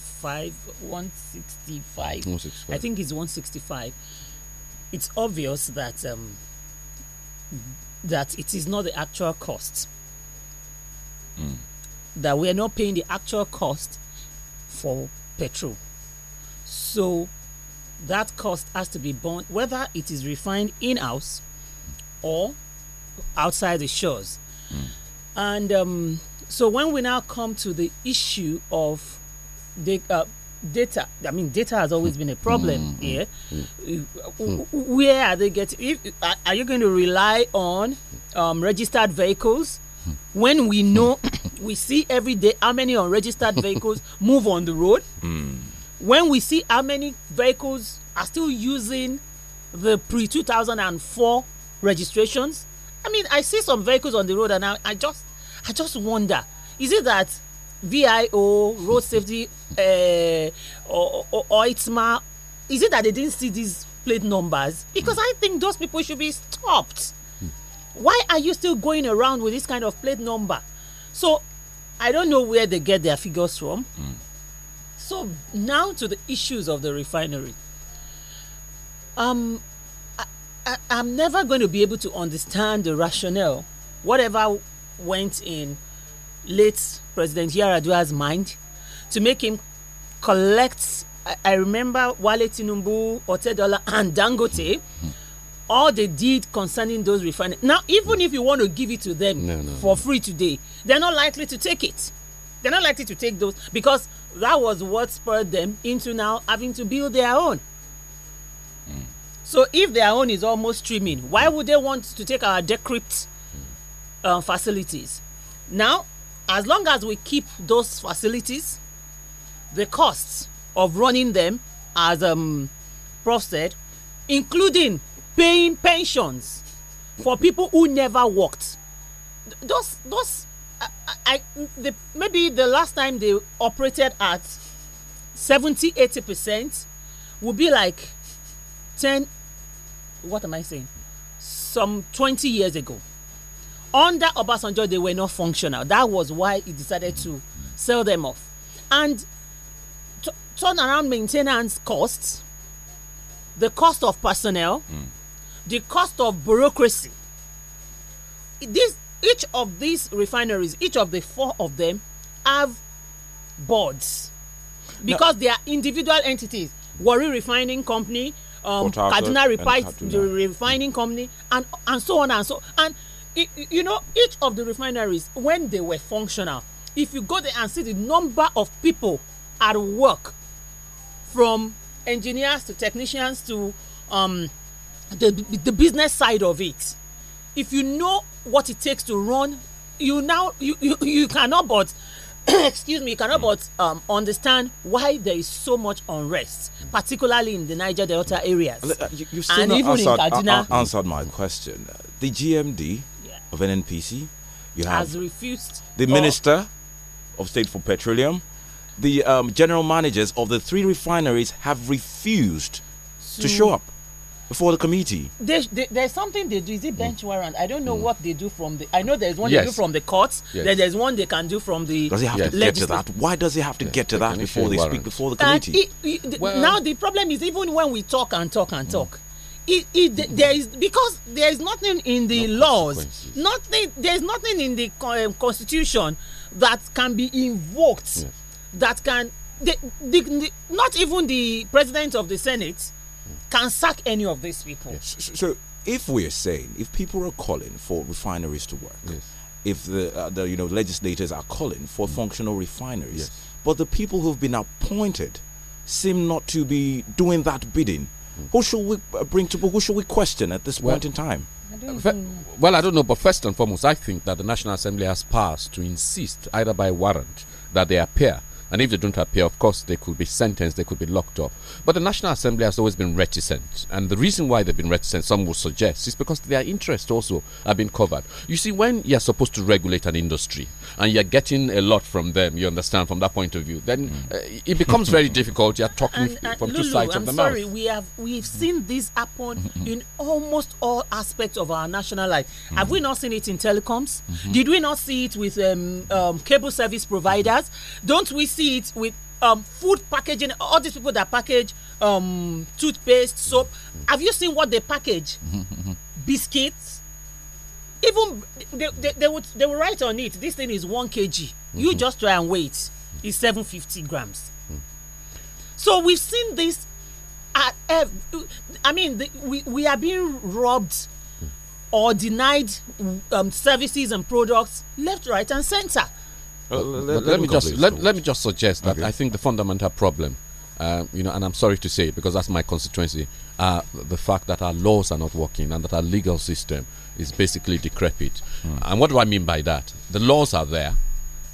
165, 165, I think it's 165. It's obvious that um, that it is not the actual cost. Mm. That we are not paying the actual cost for petrol. So that cost has to be borne, whether it is refined in house or outside the shores. Mm. And um, so when we now come to the issue of uh, data. I mean, data has always been a problem mm. here. Mm. mm, mm. Uh, where are they getting? If, uh, are you going to rely on um, registered vehicles when we know we see every day how many unregistered vehicles move on the road? Mm. When we see how many vehicles are still using the pre 2004 registrations, I mean, I see some vehicles on the road, and I, I just, I just wonder: is it that VIO road safety uh, or, or, or Itma, is it that they didn't see these plate numbers? Because I think those people should be stopped. Hmm. Why are you still going around with this kind of plate number? So I don't know where they get their figures from. Mm. So now to the issues of the refinery. Um, I, I, I'm never going to be able to understand the rationale, whatever went in late President Yaradua's mind to make him collect. I, I remember Wale Tinubu, Otedola, and Dangote. All they did concerning those refineries. Now, even if you want to give it to them no, no, for no. free today, they're not likely to take it. They're not likely to take those because that was what spurred them into now having to build their own. Mm. So, if their own is almost streaming, why would they want to take our decrypt uh, facilities? Now, as long as we keep those facilities the costs of running them, as um, Prof said, including paying pensions for people who never worked. Those, those, I, I the, maybe the last time they operated at 70, 80 percent would be like 10, what am I saying? Some 20 years ago. Under Obasanjo, they were not functional. That was why he decided to sell them off. And turnaround maintenance costs, the cost of personnel, mm. the cost of bureaucracy. This, each of these refineries, each of the four of them, have boards because now, they are individual entities. Worry Refining Company, um, Kaduna Repi- hmm. Refining Company, and and so on and so and it, you know each of the refineries when they were functional. If you go there and see the number of people at work from engineers to technicians to um, the, the business side of it if you know what it takes to run you now you you, you cannot but excuse me you cannot but um, understand why there is so much unrest particularly in the niger delta areas uh, you, you still and not even answered, in uh, uh, answered my question the gmd yeah. of nnpc you have has refused the minister of state for petroleum the um, general managers of the three refineries have refused so, to show up before the committee. They, they, there's something they do. Is it bench mm. warrant? I don't know mm. what they do from the. I know there's one yes. they do from the courts. Yes. Then there's one they can do from the. Does he have yes. to get to that? Why does he have to get to that before they warrant. speak before the committee? It, it, well, now the problem is even when we talk and talk and mm. talk. It, it, there is because there is nothing in the no laws nothing there is nothing in the um, constitution that can be invoked that can the, the, the, not even the president of the senate can sack any of these people yes. so, so, if we're saying if people are calling for refineries to work yes. if the, uh, the you know legislators are calling for mm. functional refineries yes. but the people who've been appointed seem not to be doing that bidding mm. who should we uh, bring to who should we question at this well, point in time I well, I don't know, but first and foremost, I think that the National Assembly has passed to insist, either by warrant, that they appear and if they don't appear, of course, they could be sentenced, they could be locked up. But the National Assembly has always been reticent. And the reason why they've been reticent, some would suggest, is because their interests also have been covered. You see, when you're supposed to regulate an industry, and you're getting a lot from them. You understand from that point of view. Then mm. uh, it becomes very difficult. You're talking and, and from Lulu, two sides I'm of the sorry, mouth. we have we've seen this happen mm-hmm. in almost all aspects of our national life. Mm-hmm. Have we not seen it in telecoms? Mm-hmm. Did we not see it with um, um, cable service providers? Don't we see it with um, food packaging, all these people that package um, toothpaste, soap. Have you seen what they package? Biscuits, even they, they, they, would they would write on it this thing is one kg mm -hmm. you mm-hmm. just try and wait it's 750 grams mm. so we've seen this at i mean the, we, we are being robbed mm. or denied um, services and products left right and center let, let, let, me just let, let me just suggest that okay. i think the fundamental problem uh, you know, and I'm sorry to say it because that's my constituency, uh, the fact that our laws are not working and that our legal system is basically decrepit. Mm. And what do I mean by that? The laws are there.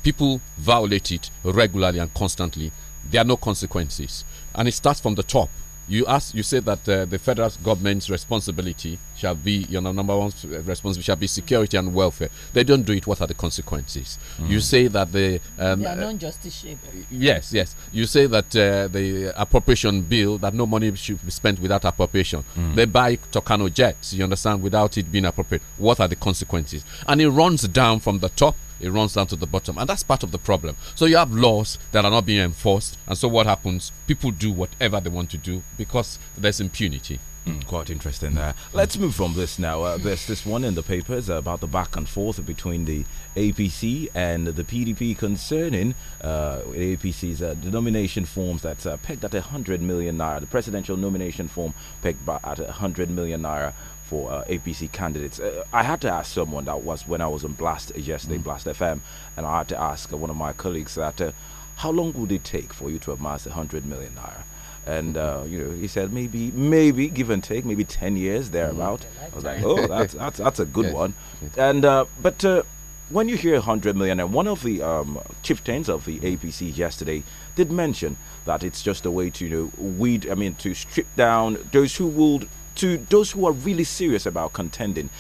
People violate it regularly and constantly. There are no consequences. And it starts from the top you asked, you said that uh, the federal government's responsibility shall be, you know, number one responsibility shall be security and welfare. They don't do it. What are the consequences? Mm. You say that the um, they are non-justiciable. Uh, yes, yes. You say that uh, the appropriation bill that no money should be spent without appropriation. Mm. They buy Tocano jets, you understand, without it being appropriate. What are the consequences? And it runs down from the top it runs down to the bottom. And that's part of the problem. So you have laws that are not being enforced. And so what happens? People do whatever they want to do because there's impunity. Hmm, quite interesting there. Let's move from this now. Uh, there's this one in the papers about the back and forth between the APC and the PDP concerning uh, APC's uh, nomination forms that's uh, pegged at 100 million naira, the presidential nomination form pegged at 100 million naira for uh, APC candidates. Uh, I had to ask someone that was when I was on Blast uh, yesterday, mm. Blast FM, and I had to ask uh, one of my colleagues that uh, how long would it take for you to amass a 100 million naira? And uh, mm-hmm. you know, he said maybe, maybe give and take, maybe 10 years mm-hmm. thereabout. Mm, I was like, oh, that's that's that's a good yes. one. And but when you hear a 100 million, and one of the um, chieftains of the mm. APC yesterday did mention that it's just a way to, you know, weed, I mean, to strip down those who would to those who are really serious about contending.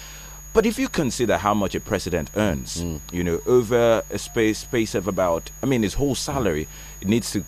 But if you consider how much a president earns, mm. you know, over a space space of about, I mean, his whole salary, it needs to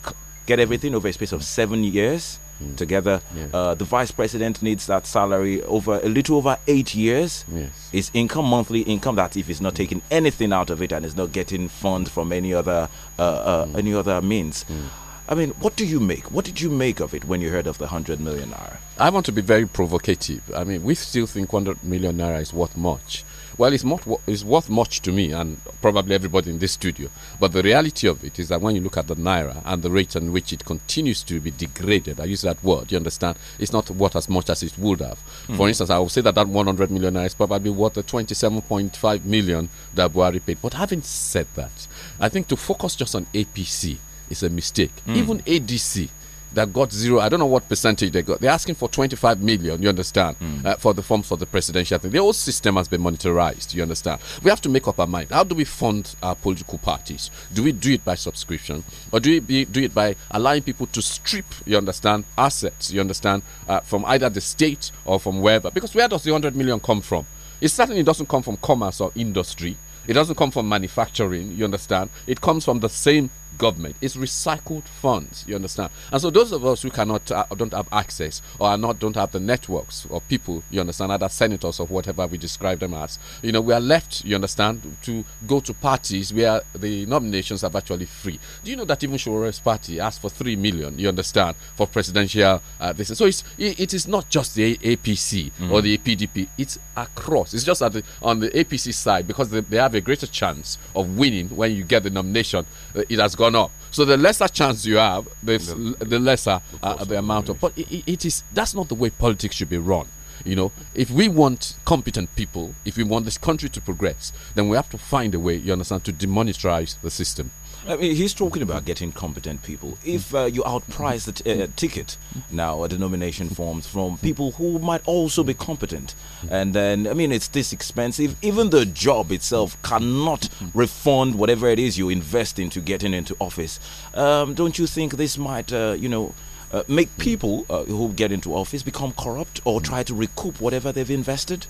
get everything over a space of seven years mm. together. Yeah. Uh, the vice president needs that salary over a little over eight years. Yes. His income, monthly income, that if he's not taking anything out of it and is not getting funds from any other uh, uh, mm. any other means. Hmm. I mean, what do you make? What did you make of it when you heard of the 100 million naira? I want to be very provocative. I mean, we still think 100 million naira is worth much. Well, it's, more it's worth much to me and probably everybody in this studio. But the reality of it is that when you look at the naira and the rate in which it continues to be degraded, I use that word, you understand? It's not worth as much as it would have. Mm. For instance, I would say that that 100 million naira is probably worth the 27.5 million that Buhari paid. But having said that, I think to focus just on APC, is a mistake. Mm. Even ADC that got zero, I don't know what percentage they got. They're asking for 25 million, you understand, mm. uh, for the form for the presidential thing. The whole system has been monetarized, you understand. We have to make up our mind. How do we fund our political parties? Do we do it by subscription? Or do we be, do it by allowing people to strip, you understand, assets, you understand, uh, from either the state or from wherever? Because where does the 100 million come from? It certainly doesn't come from commerce or industry. It doesn't come from manufacturing, you understand? It comes from the same government. It's recycled funds. You understand? And so those of us who cannot uh, don't have access or are not don't have the networks of people. You understand? Other senators or whatever we describe them as. You know, we are left. You understand? To go to parties where the nominations are virtually free. Do you know that even Shura's party asked for three million? You understand? For presidential uh, this. So it's it, it is not just the APC mm. Mm-hmm. or the PDP. It's across. It's just at the, on the APC side because they, they have a greater chance of winning when you get the nomination. Uh, it has gone gone up. So the lesser chance you have, the, the, the lesser the, uh, the amount of. But it, it is that's not the way politics should be run. You know, if we want competent people, if we want this country to progress, then we have to find a way, you understand, to demonetize the system. I mean, he's talking about getting competent people. If uh, you outprice the t- uh, ticket now, a denomination forms from people who might also be competent, and then I mean, it's this expensive. Even the job itself cannot refund whatever it is you invest into getting into office. Um, don't you think this might, uh, you know? Uh, make people uh, who get into office become corrupt or try to recoup whatever they've invested?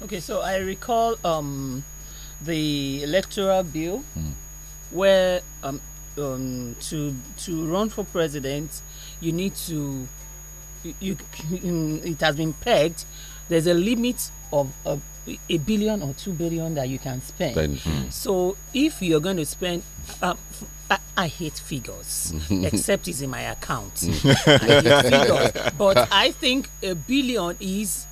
Okay, so I recall um, the electoral bill. Mm where um, um, to to run for president, you need to you, you, um, it has been pegged. There's a limit of a, a billion or two billion that you can spend. Mm. So if you're going to spend, um, I, hate figures, except it's in my account. Hmm. I figures, but I think a billion is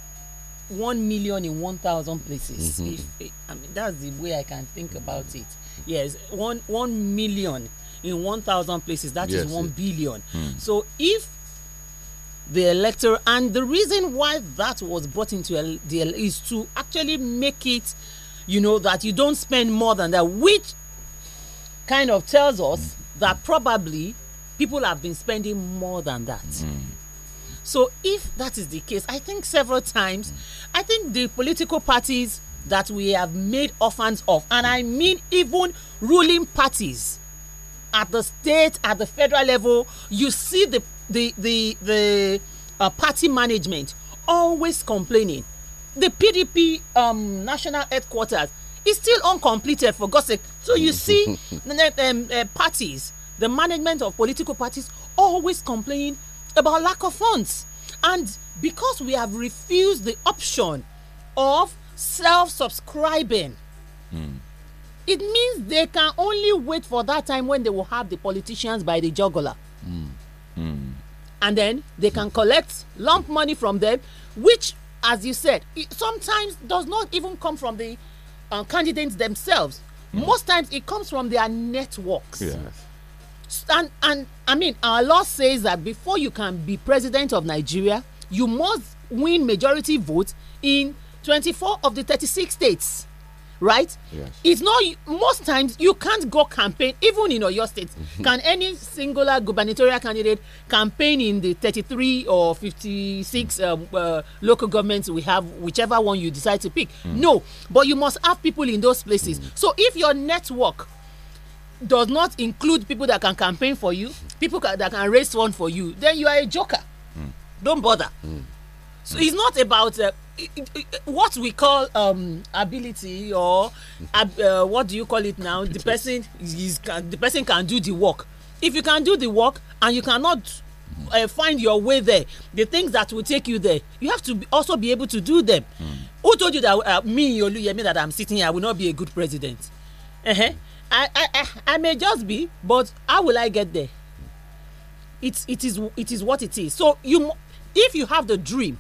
one million in one thousand places. Mm -hmm. if, I mean, that's the way I can think about it yes one one million in 1000 places That yes, is one billion mm. so if the elector and the reason why that was brought into the is to actually make it you know that you don't spend more than that which kind of tells us mm. that probably people have been spending more than that mm. so if that is the case i think several times hmm. i think the political parties that we have made orphans of and i mean even ruling parties at the state at the federal level you see the the the the uh, party management always complaining the pdp um, national headquarters is still uncompleted for god's sake so you see um, uh, parties the management of political parties always complaining about lack of funds and because we have refused the option of self subscribing. Mm. It means they can only wait for that time when they will have the politicians by the jugular. Mm. Mm. And then they can hmm. collect lump money from them, which, as you said, sometimes does not even come from the uh, candidates themselves. Hmm. Most times it comes from their networks. Yes and and i mean our law says that before you can be president of nigeria you must win majority vote in 24 of the 36 states right? Yes. It's not most times you can't go campaign even in your state. can any singular gubernatorial candidate campaign in the 33 or 56 um, uh, local governments we have, whichever one you decide to pick? Mm. No, but you must have people in those places. Mm. So if your network does not include people that can campaign for you, people that can raise one for you, then you are a joker. Mm. Don't bother. Hmm. So it's not about uh, what we call um, ability or uh, what do you call it now the person is can, the person can do the work if you can do the work and you cannot uh, find your way there the things that will take you there you have to also be able to do them mm. who told you that uh, me oluyemi that i'm sitting here i will not be a good president uh -huh. I, I, I i may just be but how will i get there it's it is it is what it is so you if you have the dream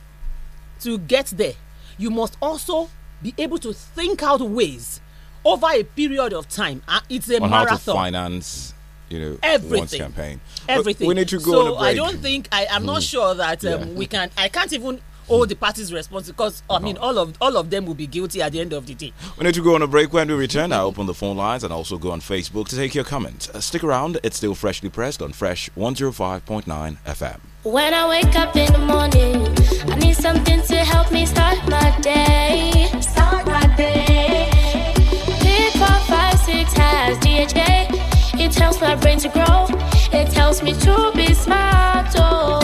to get there, you must also be able to think out ways over a period of time. Uh, it's a on marathon. How to finance, you know, everything. campaign. Everything. We need to go. So I don't think I am mm. not hmm. sure that um, yeah. we can. I can't even hold the parties responsible because I mean all of all of them will be guilty at the end of the day. We need to go on a break. When we return, I open the phone lines and also go on Facebook to take your comments. Uh, stick around; it's still freshly pressed on Fresh 105.9 FM. When I wake up in the morning, I need something to help me start my day. Start my day. has DHA. It helps my brain to grow. It helps me to be smart. Oh.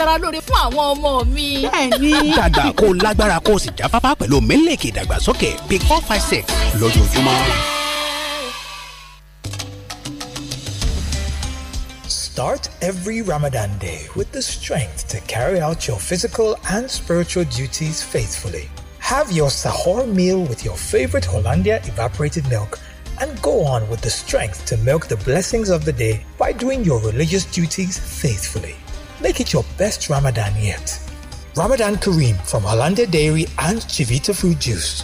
aṣara lóore fún àwọn ọmọ mi. bẹ́ẹ̀ni kó lágbára kó sì pẹ̀lú mílíkì ìdàgbàsókè six lójoojúmọ́. Start every Ramadan day with the strength to carry out your physical and spiritual duties faithfully. Have your sahur meal with your favorite Hollandia evaporated milk and go on with the strength to milk the blessings of the day by doing your religious duties faithfully. Make it your best Ramadan yet. Ramadan Kareem from Hollander Dairy and Chivita Fruit Juice.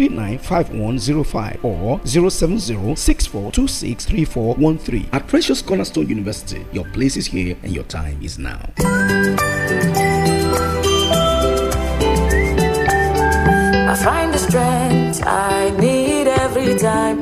395105 or 070 At Precious Cornerstone University, your place is here and your time is now. I find the strength I need every time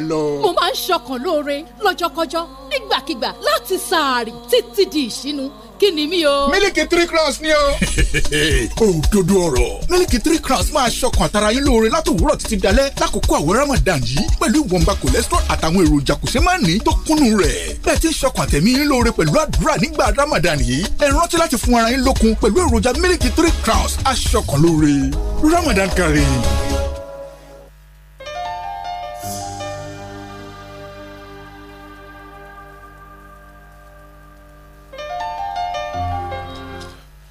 máa lọ. mo máa ń ṣọkàn lóore lọ́jọ́kọ́jọ́ nígbàkigbà láti sàárì títí di ìṣínú kí ni mí o. mílìkì three crowns ni o. òdodo ọ̀rọ̀ mílìkì three crowns máa ṣọkàn àtàrà yín lóore látòwúrọ̀ títí dalẹ́ lákòókò àwọn ramadan yìí pẹ̀lú ìwọ̀nba cholesterol àtàwọn èròjà kò ṣeé má ní tó kúnnú rẹ̀. bẹ́ẹ̀ ti ń ṣọkàn àtẹ̀mí yín lóore pẹ̀lú àdúrà nígbà ramadan yìí ẹ rántí láti fún ara yín lókun pẹ̀lú èròjà mílìkì three crowns aṣọkàn lóore ramadan kárí.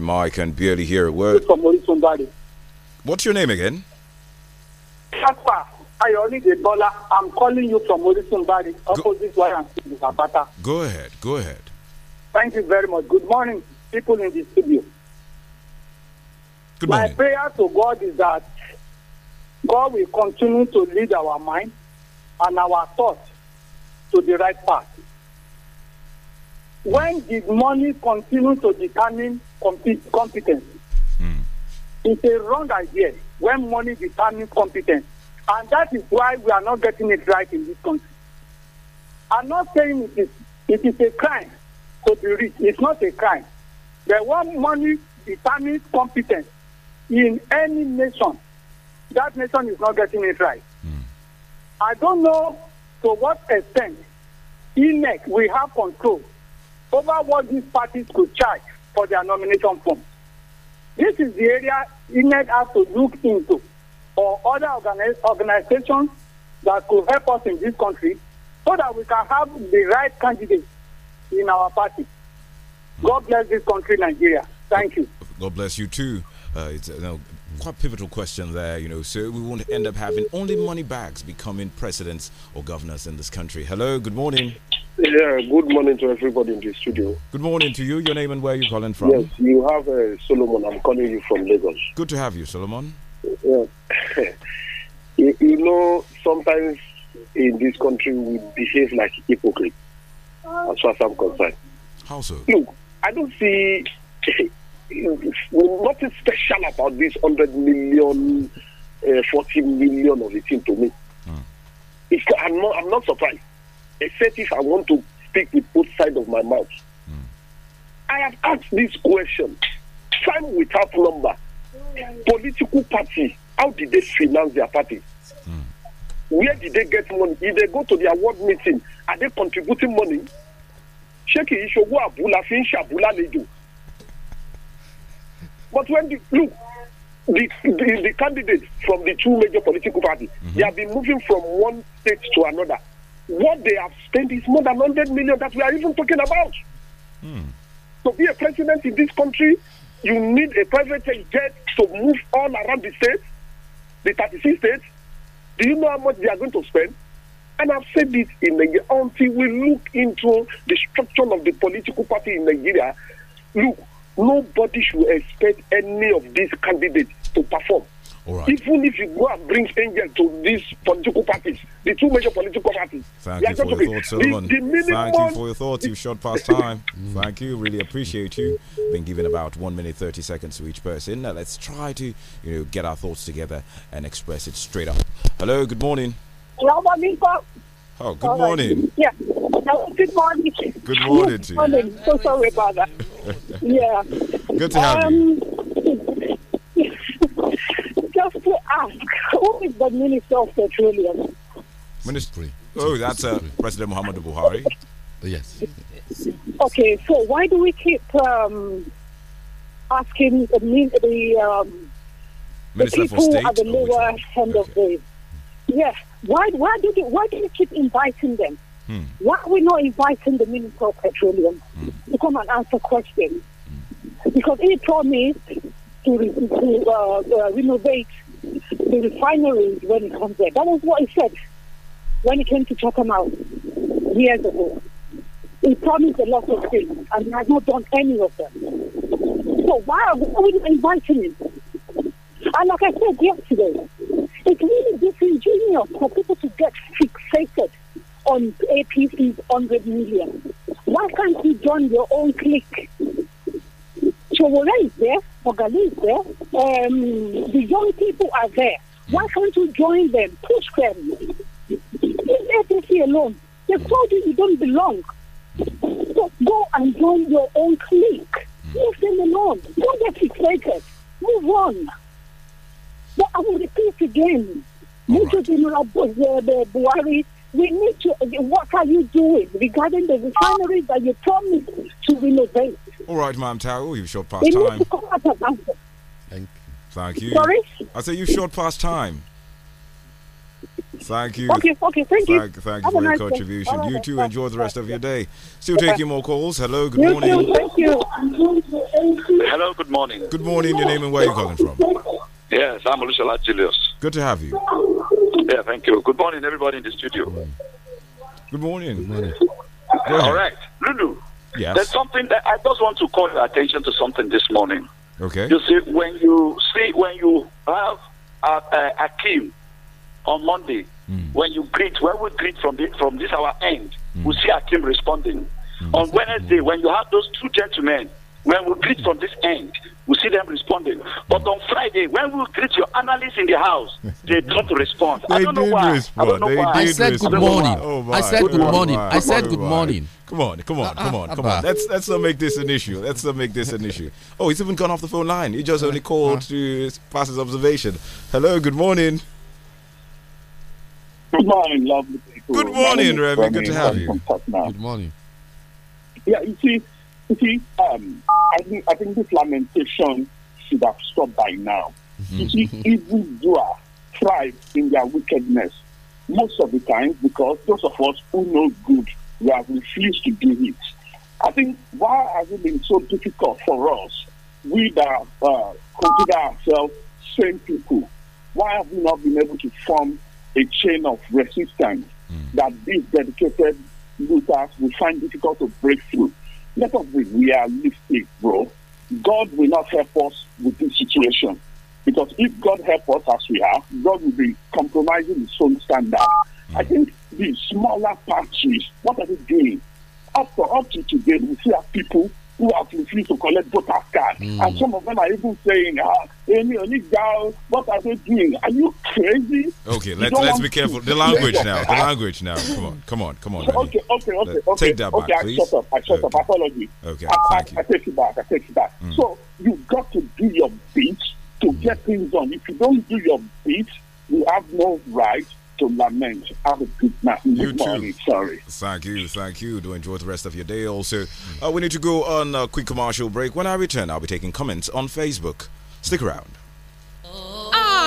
My, I can barely hear a word. What's your name again? Shakwa I'm calling you from Orisumbari, opposite Warren Zapata. Go ahead. Go ahead. Thank you very much. Good morning, people in the studio. Good morning. My prayer to God is that God will continue to lead our mind and our thoughts to the right path. When did money continue to determine competence. Mm. It's a wrong idea when money determines competence. And that is why we are not getting it right in this country. I'm not saying it is, it is a crime to be rich. It's not a crime. The one money determines competence in any nation, that nation is not getting it right. Mm. I don't know to what extent INEC will have control over what these parties could charge for their nomination form. This is the area need has to look into or other organizations that could help us in this country so that we can have the right candidates in our party. God bless this country, Nigeria. Thank you. God bless you too. Uh, it's, uh, no, quite pivotal question there, you know. So we won't end up having only money bags becoming presidents or governors in this country. Hello, good morning. Yeah, good morning to everybody in the studio. Good morning to you. Your name and where you calling from? Yes, you have uh, Solomon. I'm calling you from Lagos. Good to have you, Solomon. Yeah. you, you know, sometimes in this country we behave like hypocrites, as far as I'm concerned. How so? Look, I don't see nothing special about this 100 million, uh, 40 million of the team to me. Mm. It's, I'm, not, I'm not surprised, except if I want to speak with both sides of my mouth. Mm. I have asked this question time without number. Political party, how did they finance their party? Hmm. Where did they get money? If they go to the award meeting, are they contributing money? àbúlà but when the, look, the, the, the, candidates from the two major political parties, mm -hmm. they have been moving from one state to another. What they have spent is more than 100 million that we are even talking about. Mm. To be a president in this country, you need a private jet to move all around the state, the 36 states. Do you know how much they are going to spend? And I've said this in Nigeria until we look into the structure of the political party in Nigeria. Look, nobody should expect any of these candidates to perform. Right. Even if you go and bring angels to these political parties, the two major political parties. Thank you for your thoughts, Solomon. Thank you for your thoughts. You've shot past time. Thank you. Really appreciate you. Been given about one minute thirty seconds to each person. Now let's try to you know get our thoughts together and express it straight up. Hello. Good morning. Hello, Oh, good morning. Yeah. No, good morning. Good morning to you. Morning. So sorry about that. yeah. Good to have um, you. just to ask, who is the Minister of Petroleum? Ministry. Oh, that's uh, President Muhammad Buhari. yes. Okay, so why do we keep um, asking the, the, um, the people at the lower end okay. of the Yes. Why, why, do, you, why do you keep inviting them? Hmm. Why are we not inviting the Minister of Petroleum hmm. to come and answer questions? Because he promised to, re, to uh, uh, renovate the refineries when it comes there. That was what he said when he came to Chatham years ago. He promised a lot of things and he has not done any of them. So why are we not inviting him? And like I said yesterday, it really gets for people to get fixated on APC's 100 million. Why can't you join your own clique? Chowore is there, Mogali is there, um, the young people are there. Why can't you join them, push them? Leave APC alone. They told you you don't belong. So go and join your own clique. Leave them alone. Don't get fixated. Move on. I will repeat again. Buhari, we need to. What are you doing regarding the refinery that you promised to renovate? All right, ma'am Tao, oh, you've short past they time. Need to come out of Thank, thank you. Sorry? I say you've short past time. Thank you. Okay, okay, thank you. Thank, thank you for nice your contribution. you too enjoy the rest of your day. Still okay. taking more calls. Hello, good morning. Thank you. Hello, good morning. Good morning. Your name and where are you calling from? Yes, I'm Olushola Julius. Good to have you. Yeah, thank you. Good morning, everybody in the studio. Good morning. Good morning. All right, Lulu. Yes. There's something that I just want to call your attention to something this morning. Okay. You see, when you see when you have a, a, a on Monday, mm. when you greet, when we greet from the, from this our end, mm. we see Akim responding. Mm. On Wednesday, when you have those two gentlemen, when we greet from this end, we see them responding. But on Friday, when we greet your analysts in the house, they don't respond. I don't know why. Respond. I don't know they why. I said, good morning. Oh I said good morning. I oh, said good morning. Come on, come on, come on, come on. Let's let's not make this an issue. Let's not make this an issue. Oh, he's even gone off the phone line. He just only called to pass his observation. Hello, good morning. Good morning, lovely people. Good morning, Remy. Good to have you. Good morning. Yeah, you see you see, um, I think I think this lamentation should have stopped by now. You see, mm-hmm. evildoers thrive in their wickedness most of the time because those of us who know good we have refused to do it. I think why has it been so difficult for us, we that uh, consider ourselves same people, why have we not been able to form a chain of resistance mm. that these dedicated looters will find difficult to break through? let us be realistic, bro. God will not help us with this situation. Because if God help us as we are, God will be compromising his own standard. Mm-hmm. I think the smaller parties, what are they doing? After up to today, we see our people who have refused to collect voters card. Mm. And some of them are even saying, ah, "Amy, only girl, what are they doing? Are you crazy? Okay, let, let's be careful. The language now. The language now. Come on, come on, come on. So, okay, okay, okay, let, okay. Take that okay, back, I shut up. I shut okay. up. Apology. Okay, I, I, I, take it back. I take it back. Mm. So you've got to do your bit to mm. get things done. If you don't do your bit, you have no right to lament. Have a good Good you morning. Too. Sorry. Thank you. Thank you. Do enjoy the rest of your day. Also, uh, we need to go on a quick commercial break. When I return, I'll be taking comments on Facebook. Stick around.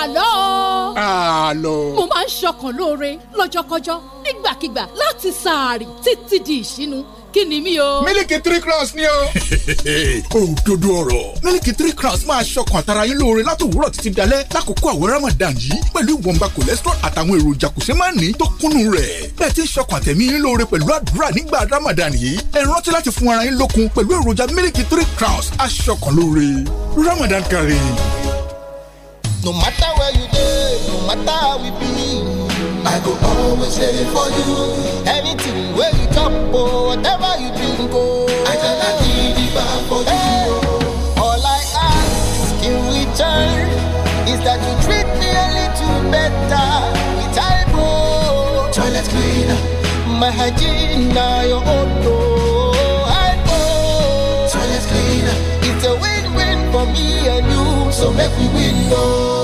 Àlọ́. Àlọ́. Mo máa ń ṣọkàn lóore lọ́jọ́kọjọ́ nígbàkigbà láti sàárì títí di ìṣínú. kí ni mí o. mílìkì three crowns ni o. òdodo ọ̀rọ̀ mílìkì three crowns máa ṣọkàn àtàrà yín lóore látòwúrọ̀ títí dalẹ́ lákòókò àwọn ramadan yìí pẹ̀lú ìwọ̀nba cholesterol àtàwọn èròjà kò ṣeé má ní tó kúnnú rẹ̀ bẹ́ẹ̀ ti ń ṣọkàn àtẹ̀mí yín lóore pẹ̀lú àdúrà nígbà ramadan yìí ẹ rántí láti fún ara yín lókun pẹ̀lú èròjà mílìkì three crowns aṣọkàn lóore ramadan kárí. no matter where you dey no matter how we be. I go always ready for you. Anything where you chop or oh, whatever you drink, oh. I gotta give for hey. you. All I ask in return is that you treat me a little better. With time, Toilet cleaner. My hygiene your own, oh. Toilet cleaner. It's a win-win for me and you, so make we win, oh.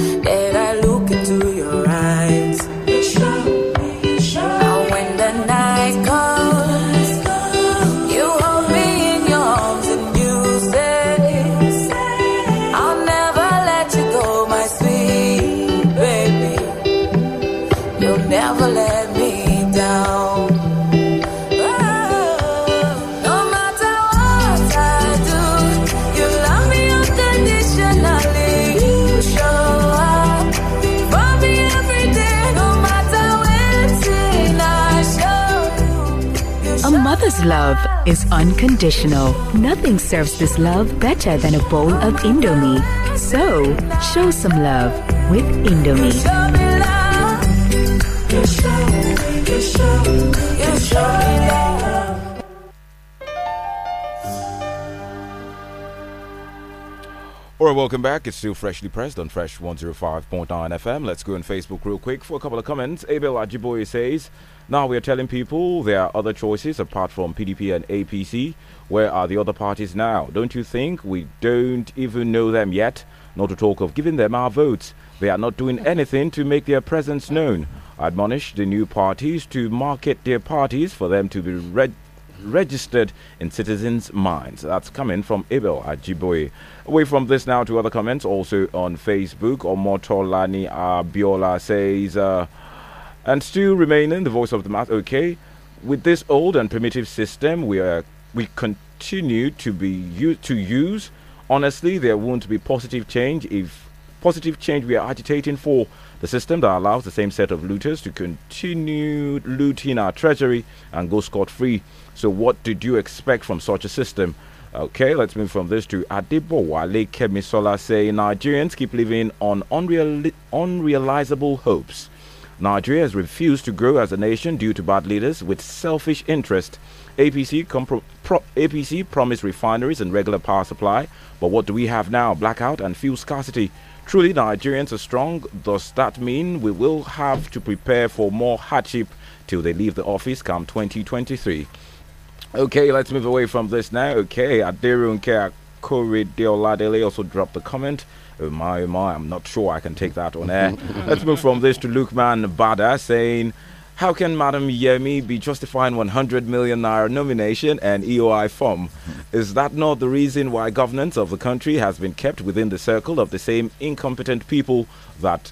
love is unconditional. Nothing serves this love better than a bowl of Indomie. So, show some love with Indomie. All right, welcome back. It's still freshly pressed on Fresh 105.9 FM. Let's go on Facebook real quick for a couple of comments. Abel Ajiboye says, now we are telling people there are other choices apart from PDP and APC. Where are the other parties now? Don't you think we don't even know them yet? Not to talk of giving them our votes. They are not doing anything to make their presence known. I admonish the new parties to market their parties for them to be read registered in citizens' minds. That's coming from Abel Ajiboye. Away from this now to other comments also on Facebook. Omotolani Abiola says, uh, and still remaining the voice of the mass. Okay, with this old and primitive system, we are we continue to be to use. Honestly, there won't be positive change if positive change we are agitating for the system that allows the same set of looters to continue looting our treasury and go scot free. So, what did you expect from such a system? Okay, let's move from this to Adibowale Kemisola saying Nigerians keep living on unreal- unrealizable hopes Nigeria has refused to grow as a nation due to bad leaders with selfish interest. APC, compro- pro- APC promised refineries and regular power supply, but what do we have now? Blackout and fuel scarcity. Truly, Nigerians are strong. Does that mean we will have to prepare for more hardship till they leave the office come 2023? Okay, let's move away from this now. Okay, Adirunke Akore Deoladele also dropped a comment. Oh my, oh my, I'm not sure I can take that on air. Let's move from this to Lukman Bada saying, how can Madam Yemi be justifying 100 million naira nomination and EOI form? Is that not the reason why governance of the country has been kept within the circle of the same incompetent people that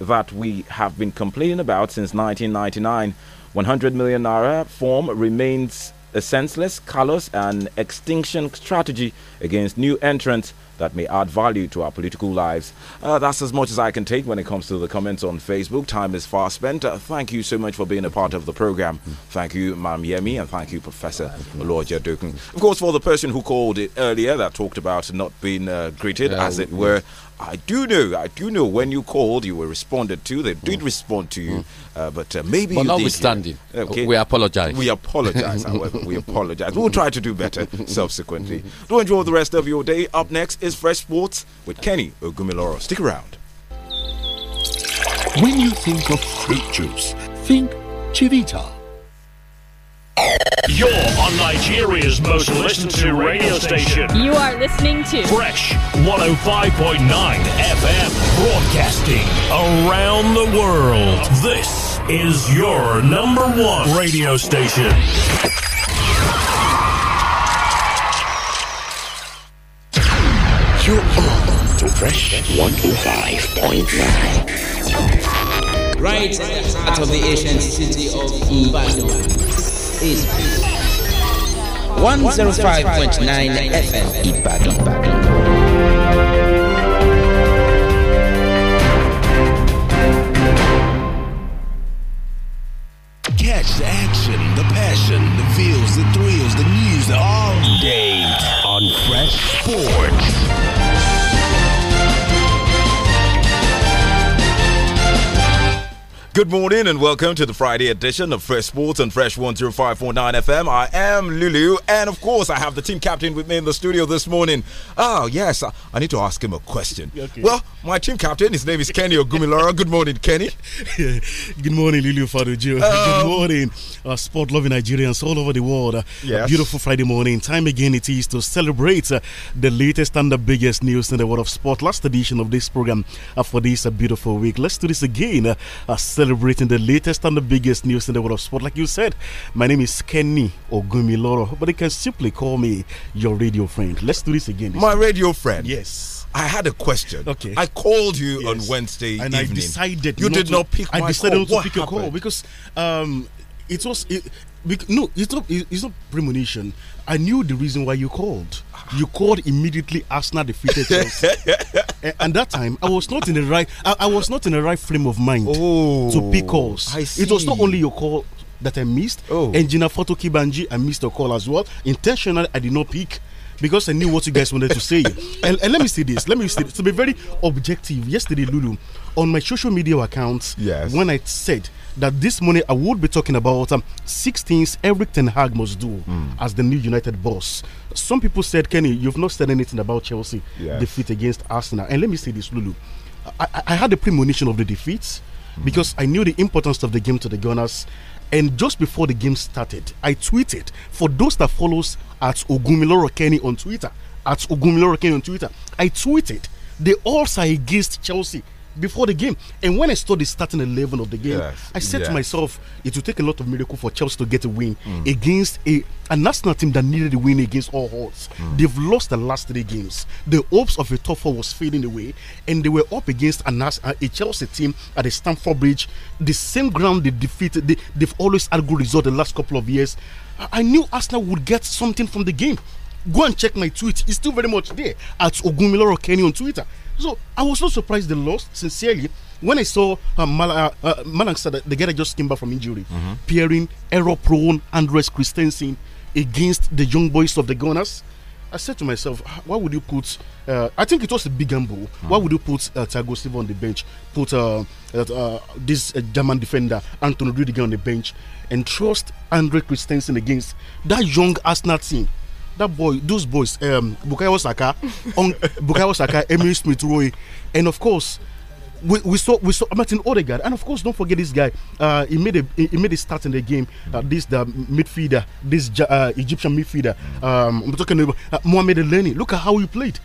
that we have been complaining about since 1999? 100 million naira form remains a senseless, callous, and extinction strategy against new entrants that may add value to our political lives. Uh, that's as much as I can take when it comes to the comments on Facebook. Time is far spent. Uh, thank you so much for being a part of the program. Thank you, Ma'am Yemi, and thank you, Professor Lord Dokun. Of course, for the person who called it earlier that talked about not being uh, greeted, as it were, I do know, I do know when you called, you were responded to. They did mm. respond to you, mm. uh, but uh, maybe. But notwithstanding, okay, we apologize. We apologize, however, we apologize. We'll try to do better subsequently. Do enjoy the rest of your day. Up next is Fresh Sports with Kenny Ogumiloro. Stick around. When you think of fruit juice, think Chivita you're on Nigeria's most listened to radio station. You are listening to Fresh 105.9 FM, broadcasting around the world. This is your number one radio station. You're on to Fresh 105.9. Right out of the ancient city of Ibadan is 105.9 FM Ibadan. Catch the action, the passion, the feels, the thrills, the news all day on Fresh Sports. Good morning and welcome to the Friday edition of Fresh Sports and Fresh One Zero oh Five Four Nine FM. I am Lulu and of course I have the team captain with me in the studio this morning. Oh yes, I need to ask him a question. Okay. Well, my team captain, his name is Kenny Ogumilara. Good morning, Kenny. Good morning, Lulu Fadujo. Um, Good morning, uh, sport-loving Nigerians all over the world. Uh, yes. beautiful Friday morning. Time again it is to celebrate uh, the latest and the biggest news in the world of sport. Last edition of this program uh, for this uh, beautiful week. Let's do this again. Uh, uh celebrating the latest and the biggest news in the world of sport. Like you said, my name is Kenny Ogumiloro, but you can simply call me your radio friend. Let's do this again. This my radio friend. Yes. I had a question. Okay. I called you yes. on Wednesday and evening. I decided you not did to, not pick. I decided call. to pick happened? your call because um, it was it, no, it's not it's not premonition. I knew the reason why you called. You called immediately. Arsenal defeated Chelsea. and that time, I was not in the right. I, I was not in the right frame of mind oh, to pick calls. I see. It was not only your call that I missed. Oh. Engineer Foto Kibanji, I missed a call as well. Intentionally, I did not pick because I knew what you guys wanted to say. And, and, let me say this. Let me say this. To be very objective, yesterday, Lulu, on my social media accounts, yes. when I said that this morning I would be talking about um, six things Eric Ten Hag must do mm. as the new United boss. Some people said, Kenny, you've not said anything about Chelsea yes. defeat against Arsenal. And let me say this, Lulu. I, I had a premonition of the defeat mm. because I knew the importance of the game to the Gunners. And just before the game started, I tweeted for those that follows at Ogumiloro Kenny on Twitter, at Ogumiloro Kenny on Twitter, I tweeted the odds are against Chelsea before the game. And when I saw the starting 11 of the game, yes. I said yes. to myself, it will take a lot of miracle for Chelsea to get a win mm. against a a Arsenal team that needed a win against all odds. Mm. They've lost the last three games. The hopes of a top four was fading away, and they were up against an, a Chelsea team at the Stamford Bridge, the same ground they defeated. They, they've always had good results the last couple of years. I knew Arsenal would get something from the game. Go and check my tweet. It's still very much there at Ogumiloro Kenny on Twitter. So I was not surprised they lost, sincerely. When I saw uh, Mal uh, uh, Malang said that the guy that just came back from injury, mm -hmm. pairing error prone Andres Christensen against the young boys of the Gunners, I said to myself, ah, why would you put? Uh, I think it was a big gamble. Mm -hmm. Why mm-hmm. would you put uh, Thiago Silva on the bench? Put uh, uh, uh this uh, German defender Anton Rudiger on the bench, and trust Andre Christensen against that young Arsenal team that boy, those boys, um, Bukayo Saka, on Bukayo Saka, Emil Smith Roy, and of course, we, we saw we saw Martin Odegaard, and of course, don't forget this guy. Uh, he made a he made a start in the game. Uh, this the midfielder, this uh, Egyptian midfielder. Um, I'm talking about uh, Mohamed Elneny. Look at how he played.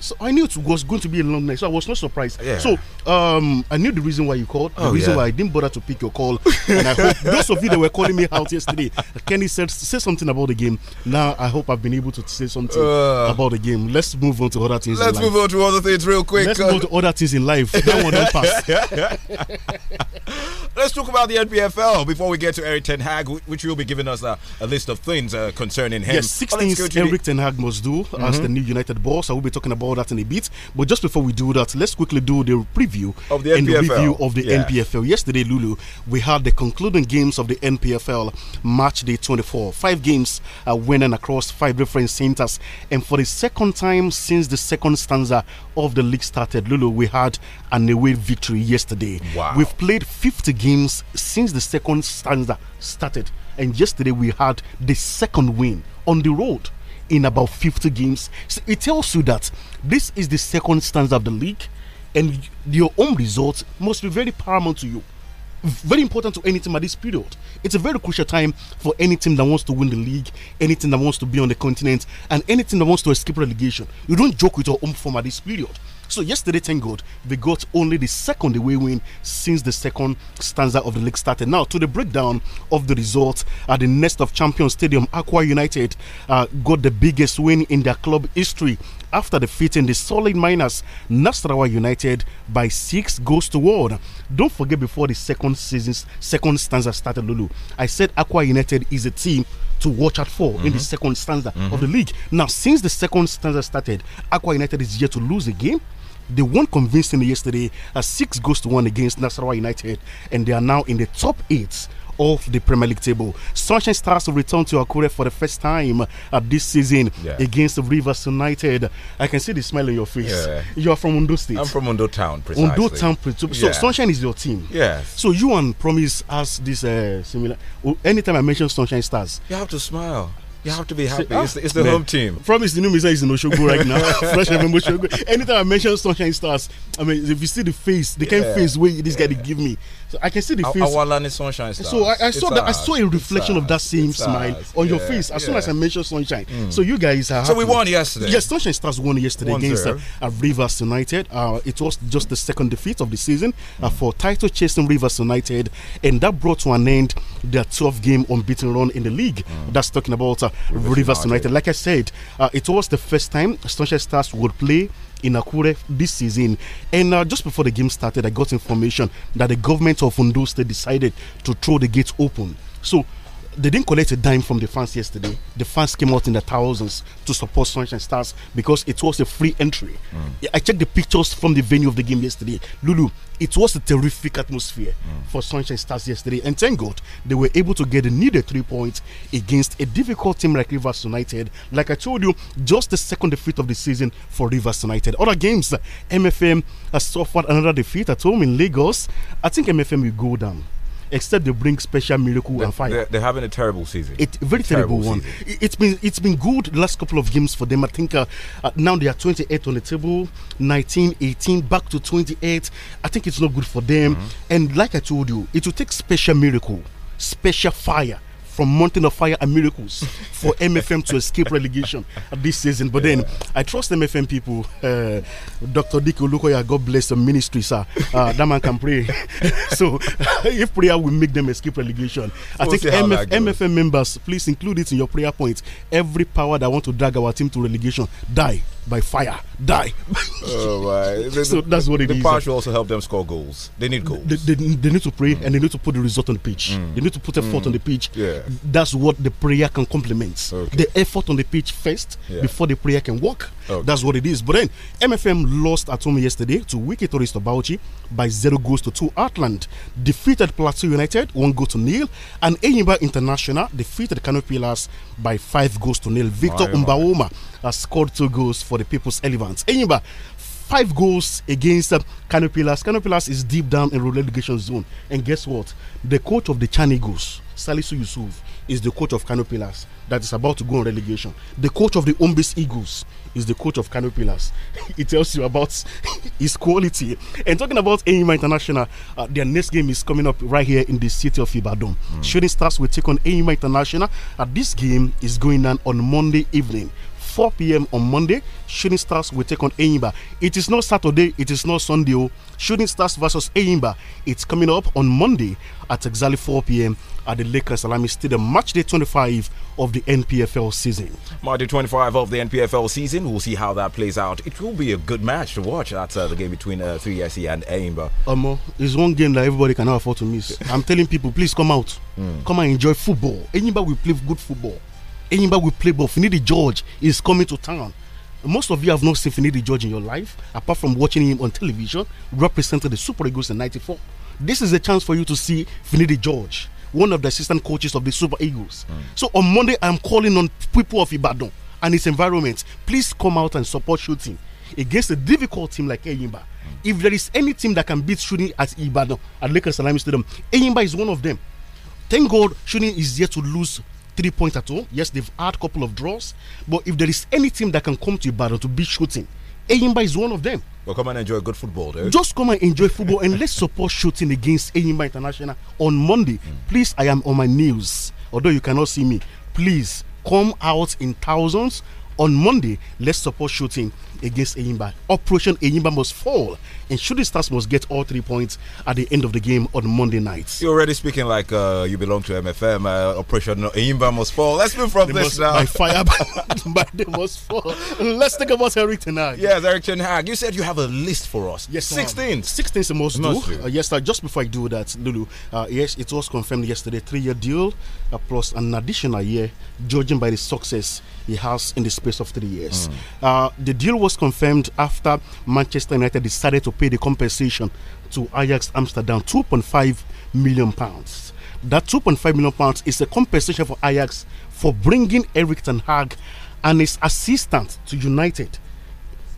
So I knew it was going to be a long night, so I was not surprised. Yeah. So um, I knew the reason why you called, the oh, reason yeah. why I didn't bother to pick your call. and I hope those of you that were calling me out yesterday, Kenny said say something about the game. Now I hope I've been able to say something uh, about the game. Let's move on to other things. Let's move on to other things real quick. Let's move on to other things in life. that one don't pass. let's talk about the NPFL before we get to Eric Ten Hag, which will be giving us a, a list of things uh, concerning him. Yes, six oh, things Eric Ten Hag must do mm -hmm. as mm-hmm. the new United boss. I will be talking about about that in a bit. But just before we do that, let's quickly do the preview of the NPFL. and review of the yeah. NPFL. Yesterday, Lulu, we had the concluding games of the NPFL match day 24. Five games are uh, winning across five different centers. And for the second time since the second stanza of the league started, Lulu, we had an away victory yesterday. Wow. We've played 50 games since the second stanza started. And yesterday we had the second win on the road in about 50 games. So it tells you that this is the second stance of the league, and your own result must be very paramount to you. Very important to any team at this period. It's a very crucial time for any team that wants to win the league, anything that wants to be on the continent, and anything that wants to escape relegation. You don't joke with your own form at this period. So yesterday, thank God, they got only the second away win since the second stanza of the league started. Now to the breakdown of the result at the Nest of Champions Stadium, Aqua United uh, got the biggest win in their club history after defeating the solid miners Nasrawa United by six goals to one. Don't forget before the second season's second stanza started, Lulu. I said Aqua United is a team to watch out for mm -hmm. in the mm-hmm. second stanza mm -hmm. of mm-hmm. the league. Now, since the second stanza started, Aqua United is yet to lose a game they won convincingly yesterday a six goals to one against Nasarawa United, and they are now in the top eight of the Premier League table. Sunshine Stars will return to Akure for the first time uh, this season yeah. against Rivers United. I can see the smile on your face. Yeah. You are from Ondo State. I'm from Ondo Town, precisely. Ondo Town. So yeah. Sunshine is your team. Yes. So you and Promise has this uh, similar. Oh, anytime I mention Sunshine Stars, you have to smile. You have to be happy. Ah, it's, the, it's the home team. From the new message, he's in Oshogo right now. Fresh FM Oshogo. Anytime I mention Sunshine Stars, I mean, if you see the face, the yeah. kind of face way this guy give me, so I can see the face. Awala sunshine stars. So I, I saw that. I saw a reflection of that same smile on yeah. your face as yeah. soon as I mentioned sunshine. Mm. So you guys are. So we won yesterday. Yes, sunshine stars won yesterday against uh, zero. uh, Rivers United. Uh, it was just the second defeat of the season uh, for title chasing Rivers United, and that brought to an end their 12 game unbeaten run in the league. Mm. That's talking about uh, Rivers, Rivers United. United. Like I said, uh, it was the first time sunshine stars would play in Akure this season. And uh, just before the game started, I got information that the government of Ondo State decided to throw the gates open. So they didn't collect a dime from the fans yesterday. The fans came out in the thousands to support Sunshine Stars because it was a free entry. Mm. I checked the pictures from the venue of the game yesterday. Lulu, it was a terrific atmosphere mm. for Sunshine Stars yesterday. And thank God they were able to get the needed three points against a difficult team like Rivers United. Like I told you, just the second defeat of the season for Rivers United. Other games, MFM has suffered another defeat at home in Lagos. I think MFM will go down except they bring special miracle they're, and fire. They're, they're, having a terrible season. It very terrible, terrible, one. Season. It, has been it's been good last couple of games for them. I think uh, uh, now they are 28 on the table, 19, 18, back to 28. I think it's not good for them. Mm -hmm. And like I told you, it will take special miracle, special fire from Mountain of Fire and Miracles for MFM to escape relegation this season. But then I trust MFM people. Uh, Dr. Dick Olukoya, God bless the ministry, sir. Uh, that man can pray. so if prayer will make them escape relegation, I we'll think MF, MFM members, please include it in your prayer points. Every power that want to drag our team to relegation, die by fire, die. oh my! The, so that's what it the is. the power should also help them score goals. They need goals. They, they, they need to pray mm. and they need to put the result on the pitch. Mm. They need to put effort mm. on the pitch. Yeah. That's what the prayer can complement. Okay. The effort on the pitch first yeah. before the prayer can work. Okay. That's what it is. But then MFM lost at home yesterday to Wiki Tourist by zero goals to two. Atland defeated Plateau United one goal to nil, and Enyimba International defeated Pillars by five goals to nil. Victor Umbaoma has scored two goals for the People's Elephants. Enyimba five goals against uh, Cano Pillars is deep down in relegation zone, and guess what? The coach of the Chan Eagles, Salisu Yusuf, is the coach of Pillars that is about to go on relegation. The coach of the Umbis Eagles is the coach of Kano Pillars. it tells you about his quality. And talking about AIMA International, uh, their next game is coming up right here in the city of Ibadan. Mm. Shooting Stars will take on AIMA International. Uh, this game is going on on Monday evening. 4 p.m. on Monday. Shooting Stars will take on Eimba. It is not Saturday, it is not Sunday. Oh. Shooting Stars versus Eimba. It's coming up on Monday at exactly 4 p.m at the Lakers Salami Stadium. Match day 25 of the NPFL season. Match day 25 of the NPFL season. We'll see how that plays out. It will be a good match to watch. That's uh, the game between uh, 3SE and Aimba. Um, it's one game that everybody cannot afford to miss. I'm telling people, please come out. Mm. Come and enjoy football. Aimba will play good football. Aimba will play ball. Finidi George is coming to town most of you have not seen Finidi George in your life, apart from watching him on television, represented the Super Eagles in 94. This is a chance for you to see Finidi George one of the assistant coaches of the Super Eagles. Mm. So on Monday, I'm calling on people of Ibadan and its environment. Please come out and support shooting against a difficult team like Eyimba. Mm. If there is any team that can beat shooting at Ibadan, at Lakers Salami Stadium, Eyimba is one of them. Thank God, shooting is yet to lose three points at all. Yes, they've had a couple of draws. But if there is any team that can come to Ibadan to beat shooting, Eyimba is one of them. Well, come and enjoy good football, though. Just come and enjoy football and let's support shooting against Eyimba International on Monday. Mm. Please, I am on my knees. Although you cannot see me, please come out in thousands on Monday, let's support shooting against Eyimba. Operation Eyimba must fall, and shooting stars must get all three points at the end of the game on Monday night. You're already speaking like uh, you belong to MFM. Uh, Operation Eyimba must fall. Let's move from they this must, now. By fire, by the must fall. Let's think about Eric Hag. Yes, Eric Hag. You said you have a list for us. Yes, 16. 16 is the most must Uh, yes, sir. Just before I do that, Lulu, uh, yes, it was confirmed yesterday three year deal uh, plus an additional year, judging by the success he has in the space of three years. Mm. Uh, the deal was confirmed after Manchester United decided to pay the compensation to Ajax Amsterdam 2.5 million pounds. That 2.5 million pounds is a compensation for Ajax for bringing Eric Ten Hag and his assistant to United.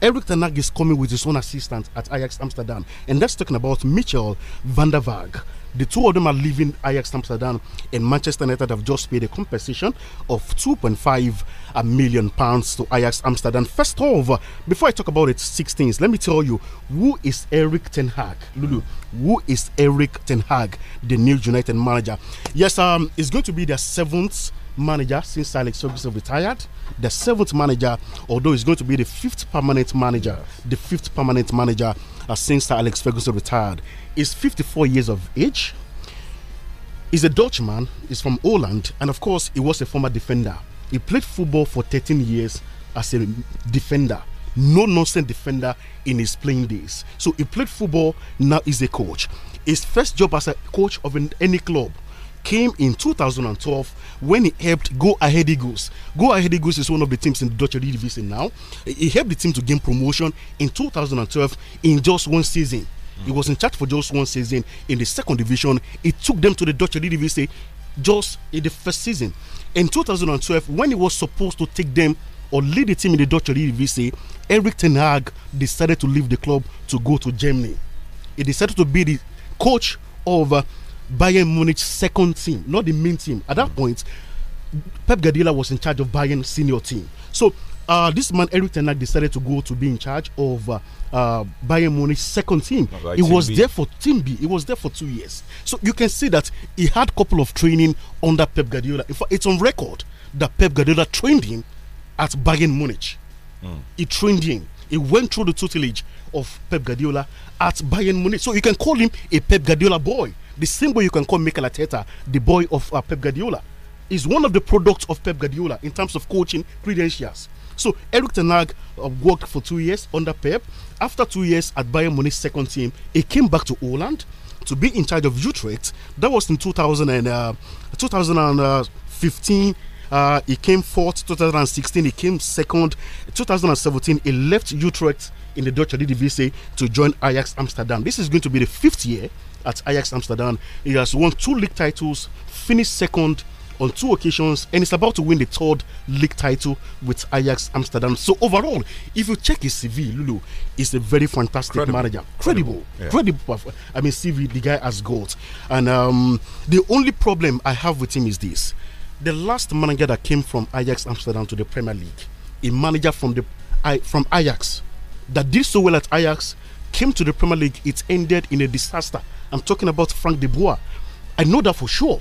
Eric Ten Hag is coming with his own assistant at Ajax Amsterdam, and that's talking about Mitchell van der Vaag. The two of them are leaving Ajax Amsterdam, and Manchester United have just paid a compensation of 2.5 million pounds to Ajax Amsterdam. First of before I talk about it, six things. Let me tell you who is Eric Ten Hag. Lulu, who is Eric Ten Hag, the new United manager? Yes, um, it's going to be their seventh manager since Alex Ferguson retired. The seventh manager, although he's going to be the fifth permanent manager, the fifth permanent manager uh, since Alex Ferguson retired is 54 years of age. He's a Dutchman, he's from Holland, and of course, he was a former defender. He played football for 13 years as a defender, no nonsense defender in his playing days. So he played football, now he's a coach. His first job as a coach of an, any club came in 2012 when he helped Go Ahead Eagles. Go Ahead Eagles is one of the teams in the Dutch Eredivisie now. He helped the team to gain promotion in 2012 in just one season. He was in charge for just one season in the second division. It took them to the Dutch Eredivisie just in the first season. In 2012, when he was supposed to take them or lead the team in the Dutch Eredivisie, Eric Ten Hag decided to leave the club to go to Germany. He decided to be the coach of uh, Bayern Munich's second team, not the main team. At that point, Pep Guardiola was in charge of Bayern senior team. So uh, this man Eric Tenak decided to go to be in charge of uh, uh, Bayern Munich's second team. Right, he team was B. there for Team B. He was there for two years. So you can see that he had a couple of training under Pep Guardiola. In fact, it's on record that Pep Guardiola trained him at Bayern Munich. Mm. He trained him. He went through the tutelage of Pep Guardiola at Bayern Munich. So you can call him a Pep Guardiola boy. The same way you can call Mikel Arteta the boy of uh, Pep Guardiola. Is one of the products of Pep Guardiola in terms of coaching credentials. So Eric Tenag uh, worked for two years under Pep. After two years at Bayern Munich's second team, he came back to Holland to be in charge of Utrecht. That was in 2000 and, uh, 2015. Uh, uh, he came fourth. 2016, he came second. 2017, he left Utrecht in the Dutch Eredivisie to join Ajax Amsterdam. This is going to be the fifth year at Ajax Amsterdam. He has won two league titles, finished second on two occasions and is about to win the third league title with Ajax Amsterdam. So overall, if you check his CV, Lulu is a very fantastic credible. manager, credible, credible. Yeah. credible. I mean, CV the guy has got, and um, the only problem I have with him is this: the last manager that came from Ajax Amsterdam to the Premier League, a manager from the I, from Ajax that did so well at Ajax came to the Premier League, it ended in a disaster. I'm talking about Frank de Boer. I know that for sure.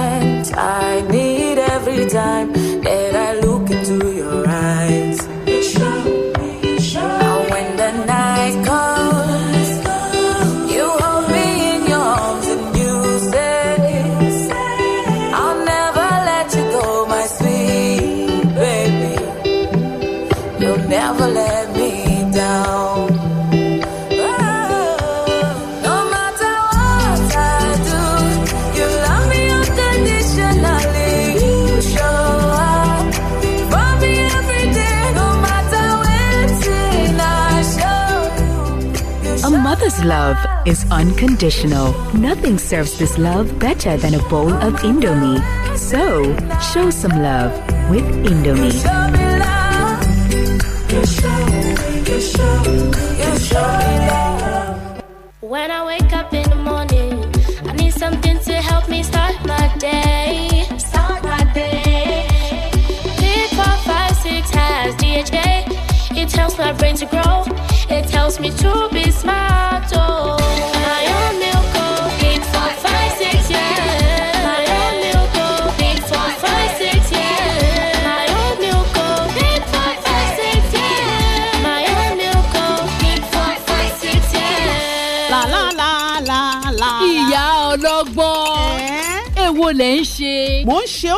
love is unconditional. Nothing serves this love better than a bowl of Indomie. So, show some love with Indomie. When I wake up in the morning, I need something to help me start my day. Start my day. Pick four, five, six has DHA. It helps my brain to grow. It helps me to be smart.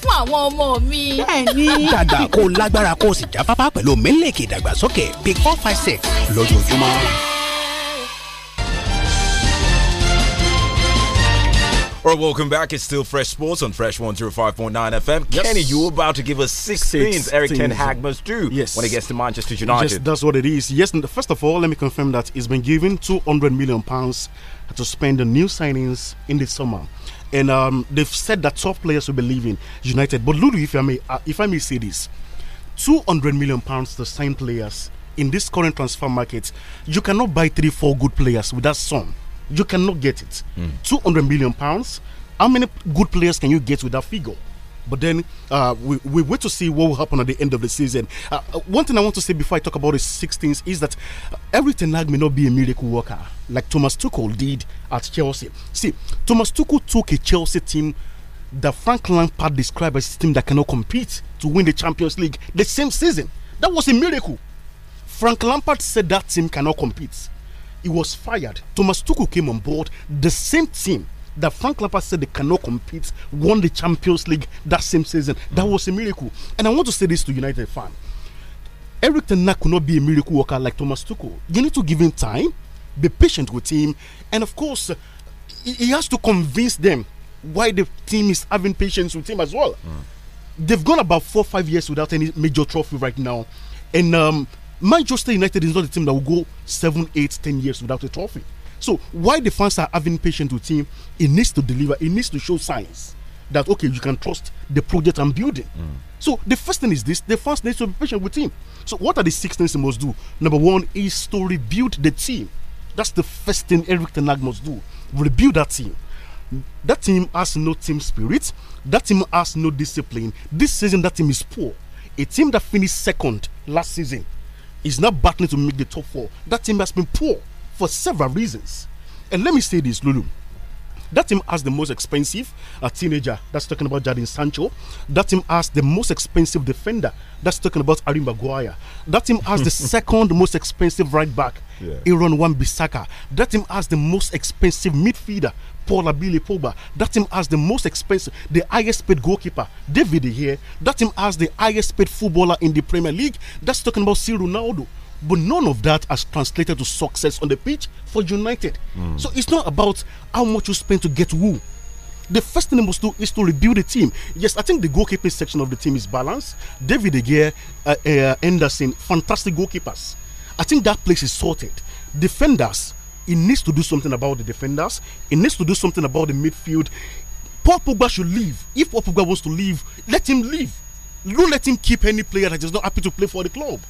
fún àwọn ọmọ mi. bẹ́ẹ̀ni. kó lágbára kó o sì jáfáfá pẹ̀lú mílíkì ìdàgbàsókè six lójoojúmọ́. welcome back. It's still Fresh Sports on Fresh 105.9 FM. Yes. Kenny, you are about to give us six, Eric Ten Hag must do yes. when he gets to Manchester United. Yes, that's what it is. Yes, first of all, let me confirm that he's been given 200 million pounds to spend on new signings in the summer and um, they've said that top players will be leaving United. But Lulu, if I may, uh, if I may say this, two hundred million pounds to sign players in this current transfer market, you cannot buy three, four good players with that sum. You cannot get it. Mm. Two hundred million pounds. How many good players can you get with that figure? But then uh, we, we wait to see what will happen at the end of the season. Uh, uh one thing I want to say before I talk about the 16s is that uh, every Tenag may not be a miracle worker like Thomas Tuchel did at Chelsea. See, Thomas Tuchel took a Chelsea team that Frank Lampard described as a team that cannot compete to win the Champions League the same season. That was a miracle. Frank Lampard said that team cannot compete. He was fired. Thomas Tuchel came on board. The same team that Frank Lampard said they cannot compete, won the Champions League that same season. That mm. was a miracle. And I want to say this to United fan. Eric Ten could not be a miracle worker like Thomas Tuchel. You need to give him time, be patient with him, and of course, he has to convince them why the team is having patience with him as well. Mm. They've gone about four, five years without any major trophy right now, and um, Manchester United is not a team that will go seven, eight, ten years without a trophy. So why the fans are having patience with him, he needs to deliver, he needs to show signs that okay, you can trust the project I'm building. Mm. So the first thing is this: the fans need to be patient with him. So what are the six things he must do? Number one is to rebuild the team. That's the first thing Eric Tenag must do: rebuild that team. That team has no team spirit. That team has no discipline. This season, that team is poor. A team that finished second last season is now battling to make the top four. That team has been poor for several reasons. And let me say this, Lulu. That team has the most expensive uh, teenager. That's talking about Jadon Sancho. That team has the most expensive defender. That's talking about Ari Maguire. That team has the second most expensive right back, yeah. Aaron Wan Bissaka. That team has the most expensive midfielder, Paul Abile Pogba. That team has the most expensive, the highest paid goalkeeper, David here. That team has the highest paid footballer in the Premier League. That's talking about Cyril Ronaldo. But none of that has translated to success on the pitch for United. Mm. So it's not about how much you spend to get who. The first thing they must do is to rebuild the team. Yes, I think the goalkeeping section of the team is balanced. David De Gea, uh, uh, Anderson, fantastic goalkeepers. I think that place is sorted. Defenders, he needs to do something about the defenders. He needs to do something about the midfield. Paul Pogba should leave. If Paul Pogba wants to leave, let him leave. Don't let him keep any player that is not happy to play for the club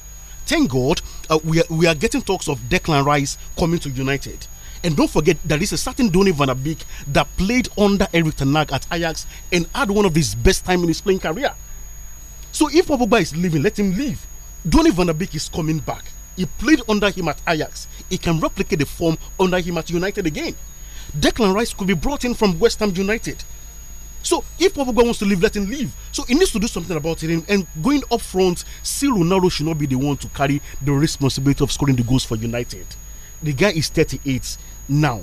thank God uh, we, are, we are getting talks of Declan Rice coming to United. And don't forget, there is a certain Donny van Beek that played under Eric Tanag at Ajax and had one of his best time in his playing career. So if Pogba is leaving, let him leave. Donny van Beek is coming back. He played under him at Ajax. He can replicate the form under him at United again. Declan Rice could be brought in from West Ham United so if Pogba wants to leave, let him leave. So he needs to do something about it. And, going up front, still Ronaldo should not be the one to carry the responsibility of scoring the goals for United. The guy is 38 now.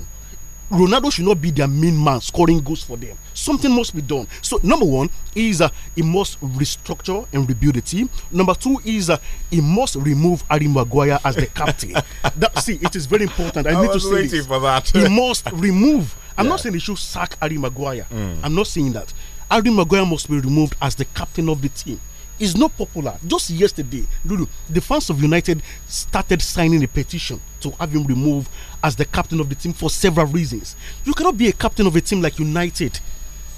Ronaldo should not be their main man scoring goals for them. Something must be done. So number one is uh, he must restructure and rebuild the team. Number two is uh, he must remove Harry Maguire as the captain. that, see, it is very important. I, need to say this. for that. he must remove I'm yeah. not saying they should sack Harry Maguire. Mm. I'm not saying that. Harry Maguire must be removed as the captain of the team. He's not popular. Just yesterday, Lulu, the fans of United started signing a petition to have him removed as the captain of the team for several reasons. You cannot be a captain of a team like United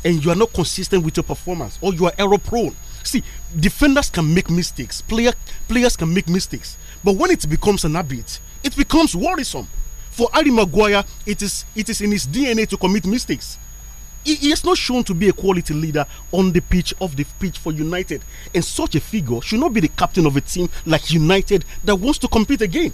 and you are not consistent with your performance or you are error prone. See, defenders can make mistakes, player, players can make mistakes, but when it becomes an habit, it becomes worrisome. For Harry Maguire, it is it is in his DNA to commit mistakes. He, he is not shown to be a quality leader on the pitch of the pitch for United, and such a figure should not be the captain of a team like United that wants to compete again.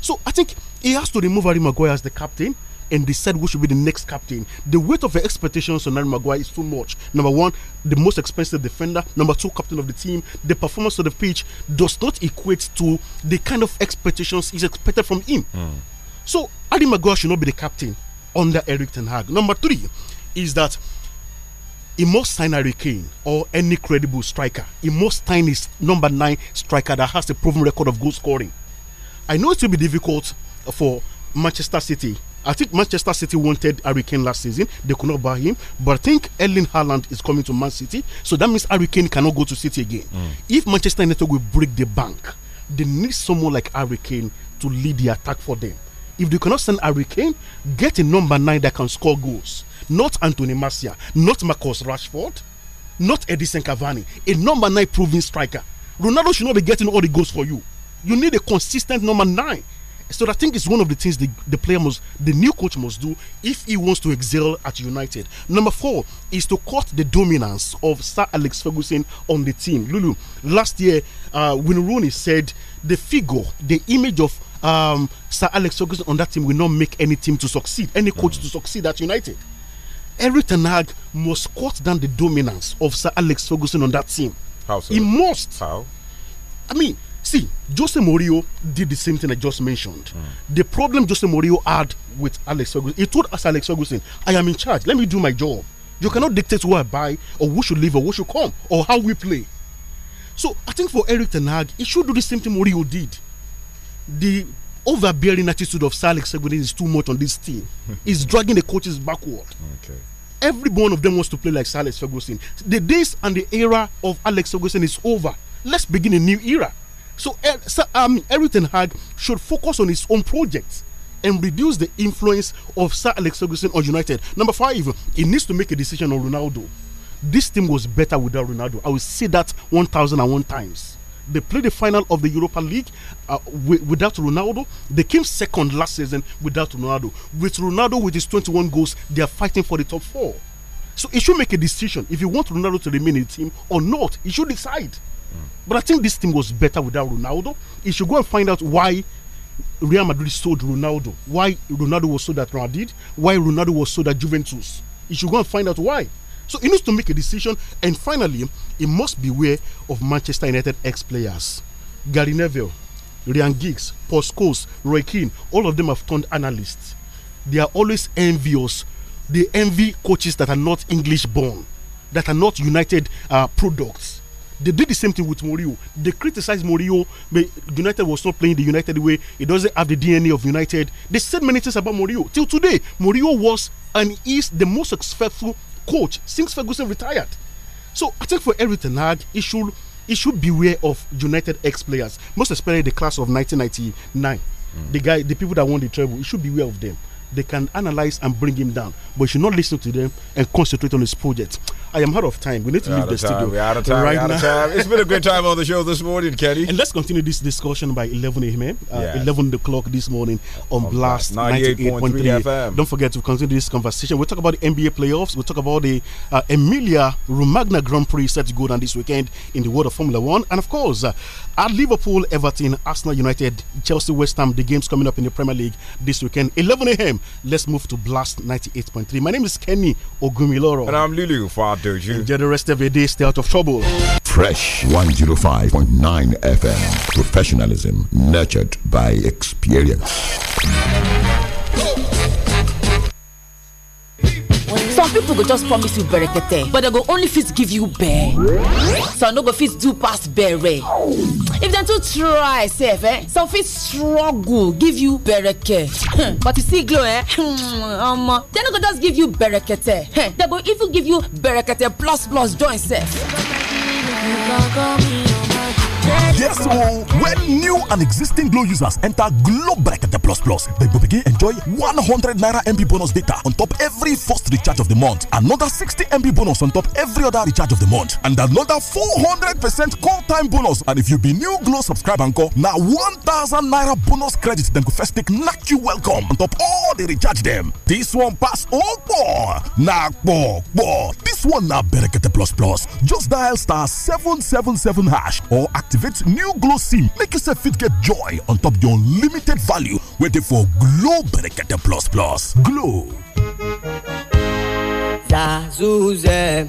So I think he has to remove Harry Maguire as the captain and decide who should be the next captain. The weight of the expectations on Harry Maguire is too much. Number one, the most expensive defender. Number two, captain of the team. The performance of the pitch does not equate to the kind of expectations is expected from him. Mm. So Adi Maguire should not be the captain under Eric Ten Hag. Number three is that he must sign Harry Kane or any credible striker. He must sign his number nine striker that has a proven record of goal scoring. I know it will be difficult for Manchester City. I think Manchester City wanted Harry Kane last season. They could not buy him. But I think Erling Haaland is coming to Man City. So that means Harry Kane cannot go to City again. Mm. If Manchester United will break the bank, they need someone like Harry Kane to lead the attack for them. If you cannot send Harry Kane, get a number nine that can score goals. Not Anthony Marcia, not Marcus Rashford, not Edison Cavani. A number nine proven striker. Ronaldo should not be getting all the goals for you. You need a consistent number nine. So I think it's one of the things the, the player must, the new coach must do if he wants to excel at United. Number four is to cut the dominance of Sir Alex Ferguson on the team. Lulu, last year, uh, when Rooney said the figure, the image of um, Sir Alex Ferguson on that team will not make any team to succeed, any coach mm. to succeed at United. Eric Ten Hag must cut down the dominance of Sir Alex Ferguson on that team. How so? He must. How? I mean, see, Jose Mourinho did the same thing I just mentioned. Mm. The problem Jose Mourinho had with Alex Ferguson, he told us Alex Ferguson, I am in charge. Let me do my job. You cannot dictate who I buy or who should leave or who should come or how we play. So I think for Eric Ten Hag, he should do the same thing Mourinho did the overbearing attitude of Salik Seguin is too much on this team. He's dragging the coaches backward. Okay. Every one of them wants to play like Alex Ferguson. The days and the era of Alex Ferguson is over. Let's begin a new era. So, eh, so um, Hag should focus on his own projects and reduce the influence of Sir Alex Ferguson on United. Number five, he needs to make a decision on Ronaldo. This team was better without Ronaldo. I will say that 1,001 times. They played the final of the Europa League uh, without Ronaldo. They came second last season without Ronaldo. With Ronaldo, with his 21 goals, they are fighting for the top four. So it should make a decision if you want Ronaldo to remain in the team or not. It should decide. Mm. But I think this team was better without Ronaldo. It should go and find out why Real Madrid sold Ronaldo, why Ronaldo was sold at Madrid, why Ronaldo was sold at Juventus. You should go and find out why. So he needs to make a decision. And finally, he must beware of Manchester United ex players. Gary Neville, Ryan Giggs, Paul Scholes, Roy Keane, all of them have turned analysts. They are always envious. They envy coaches that are not English born, that are not United uh, products. They did the same thing with Mourinho. They criticized Mourinho. United was not playing the United way. It doesn't have the DNA of United. They said many things about Mourinho. Till today, Mourinho was and is the most successful coach since Ferguson retired. So I think for Eric Tenag, he should he should beware of United ex players, most especially the class of 1999. Mm. The guy, the people that won the treble, he should beware of them they can analyze and bring him down. But you should not listen to them and concentrate on his project. I am out of time. We need to We're leave the time. studio. We're out of time. Right out of time. It's been a great time on the show this morning, Kenny. And let's continue this discussion by 11 a.m. Uh, yes. 11 o'clock this morning on, Blast 98.3 FM. Don't forget to continue this conversation. We'll talk about the NBA playoffs. We'll talk about the uh, Emilia Romagna Grand Prix set to go down this weekend in the world of Formula One. And of course, uh, at Liverpool, Everton, Arsenal United, Chelsea, West Ham, the games coming up in the Premier League this weekend, 11 a.m. Let's move to Blast 98.3. My name is Kenny Ogumiloro. And I'm Lulu Fadoju. Enjoy the rest of your day. Stay out of trouble. Fresh 105.9 FM. Professionalism nurtured by experience. people go just promise you berekete but dem go only fit give you bere some no go fit do pass bere if dem too try sef eh some fit struggle give you bereke hmm, but you see glow eh hmm, omo dem no go just give you berekete hmm, dem go even give you berekete plus plus join sef. Yes, oh, when new and existing Glow users enter Glow Bracket Plus Plus, they will begin enjoy 100 Naira MB bonus data on top every first recharge of the month, another 60 MB bonus on top every other recharge of the month, and another 400% call time bonus. And if you be new Glow subscriber and call, now 1000 Naira bonus credit, then go first take knock you welcome on top all the recharge them. This one pass all oh, four. Nah, four, four. This one now the Plus. Just dial star 777 hash or activate activate new glow sim make yourself fit get joy on top your unlimited value waiting for glow berekete plus plus glow. Zazuzem.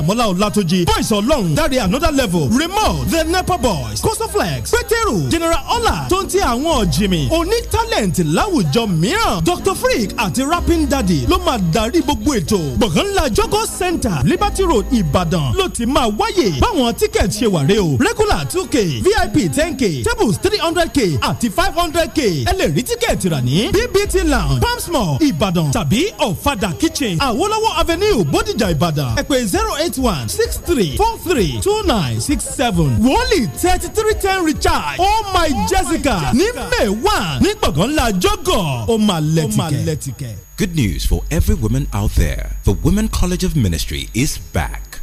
Dàmọ́lá Ọlátúnjí Boys Ọlọ́run Dáre Another Level Remote The Nepa Boys Coastal Flex Pétérù General Ola tó ń ti àwọn ọ̀jìmì oní talent láwùjọ mìíràn Dr Freak àti Rapping Daddy ló máa darí gbogbo ètò Gbọ̀ngànlá Jogo Center Liberty Road Ìbàdàn ló ti máa wáyè báwọn tíkẹ́ẹ̀tì ṣe wà rè o regular two k VIP ten k tables three hundred k àti five hundred k ẹ lè rí tíkẹ́ẹ̀tì rà ní BBT Lounge Palms Mall Ìbàdàn tàbí Ọ̀fadà Kitchen Àwọlọ́wọ́ Avenue Bódìjà Ìbàdàn ẹ pè zero eight Oh eight one six three four three two nine six seven wọ́ọ̀lì thirty three ten recharge oh my oh jessica ní may one ní gbọ̀ngàn ńlá jọ́gọ̀ ó máa lẹ́tìkẹ́. Good news for every woman out there. The Women College of Ministry is back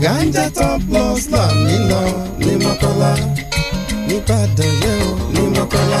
ganja top loss la, mi lọ ní mọ́kànlá nìbàdàn yẹn ò ní mọ́kànlá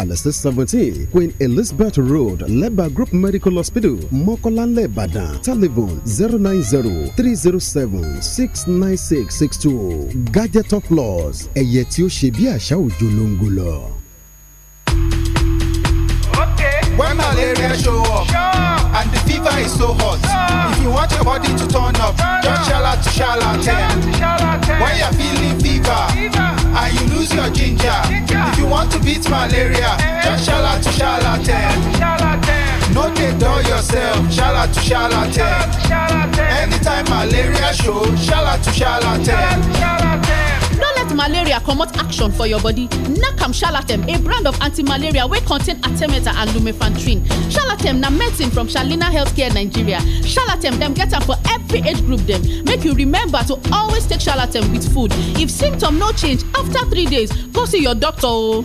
kalẹ̀ sí seventeen Queen Elizabeth Road Leba Group Medical Hospital Mọ́kọ́lánlẹ̀ Ìbàdàn telephone zero nine zero three zero seven six nine six six two Gadget of Loss. ẹ̀yẹ tí ó ṣe bí àṣà òjò ló ń gò When malaria show up sure. and the fever is so hot, sure. if you want your body to turn up, turn just shala to shala ten. When you're feeling fever, fever and you lose your ginger to beat malaria just shala to charlatan no dey dull yourself shala to charlatan anytime malaria show shala to charlatan. malaria comot action for your body nakam shalatem a brand of anti-malaria will contain artemata and lumefantrine shalatem na medicine from shalina healthcare nigeria shalatem them get am for every age group them. make you remember to always take shalatem with food if symptom no change after three days go see your doctor Oh.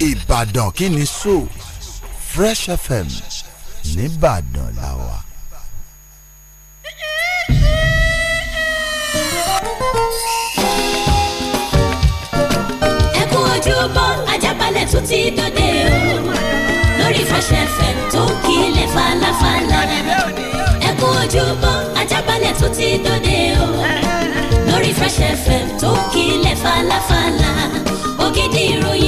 Ìbàdàn kí ni so Fresh FM nìbàdàn la wà. ẹ kú ojúbọ Ajábalẹ̀ tún ti dòde o lórí Fresh FM tó kílẹ̀ falafala ẹ kú ojúbọ Ajábalẹ̀ tún ti dòde o lórí Fresh FM tó kílẹ̀ falafala ògidì ìròyìn.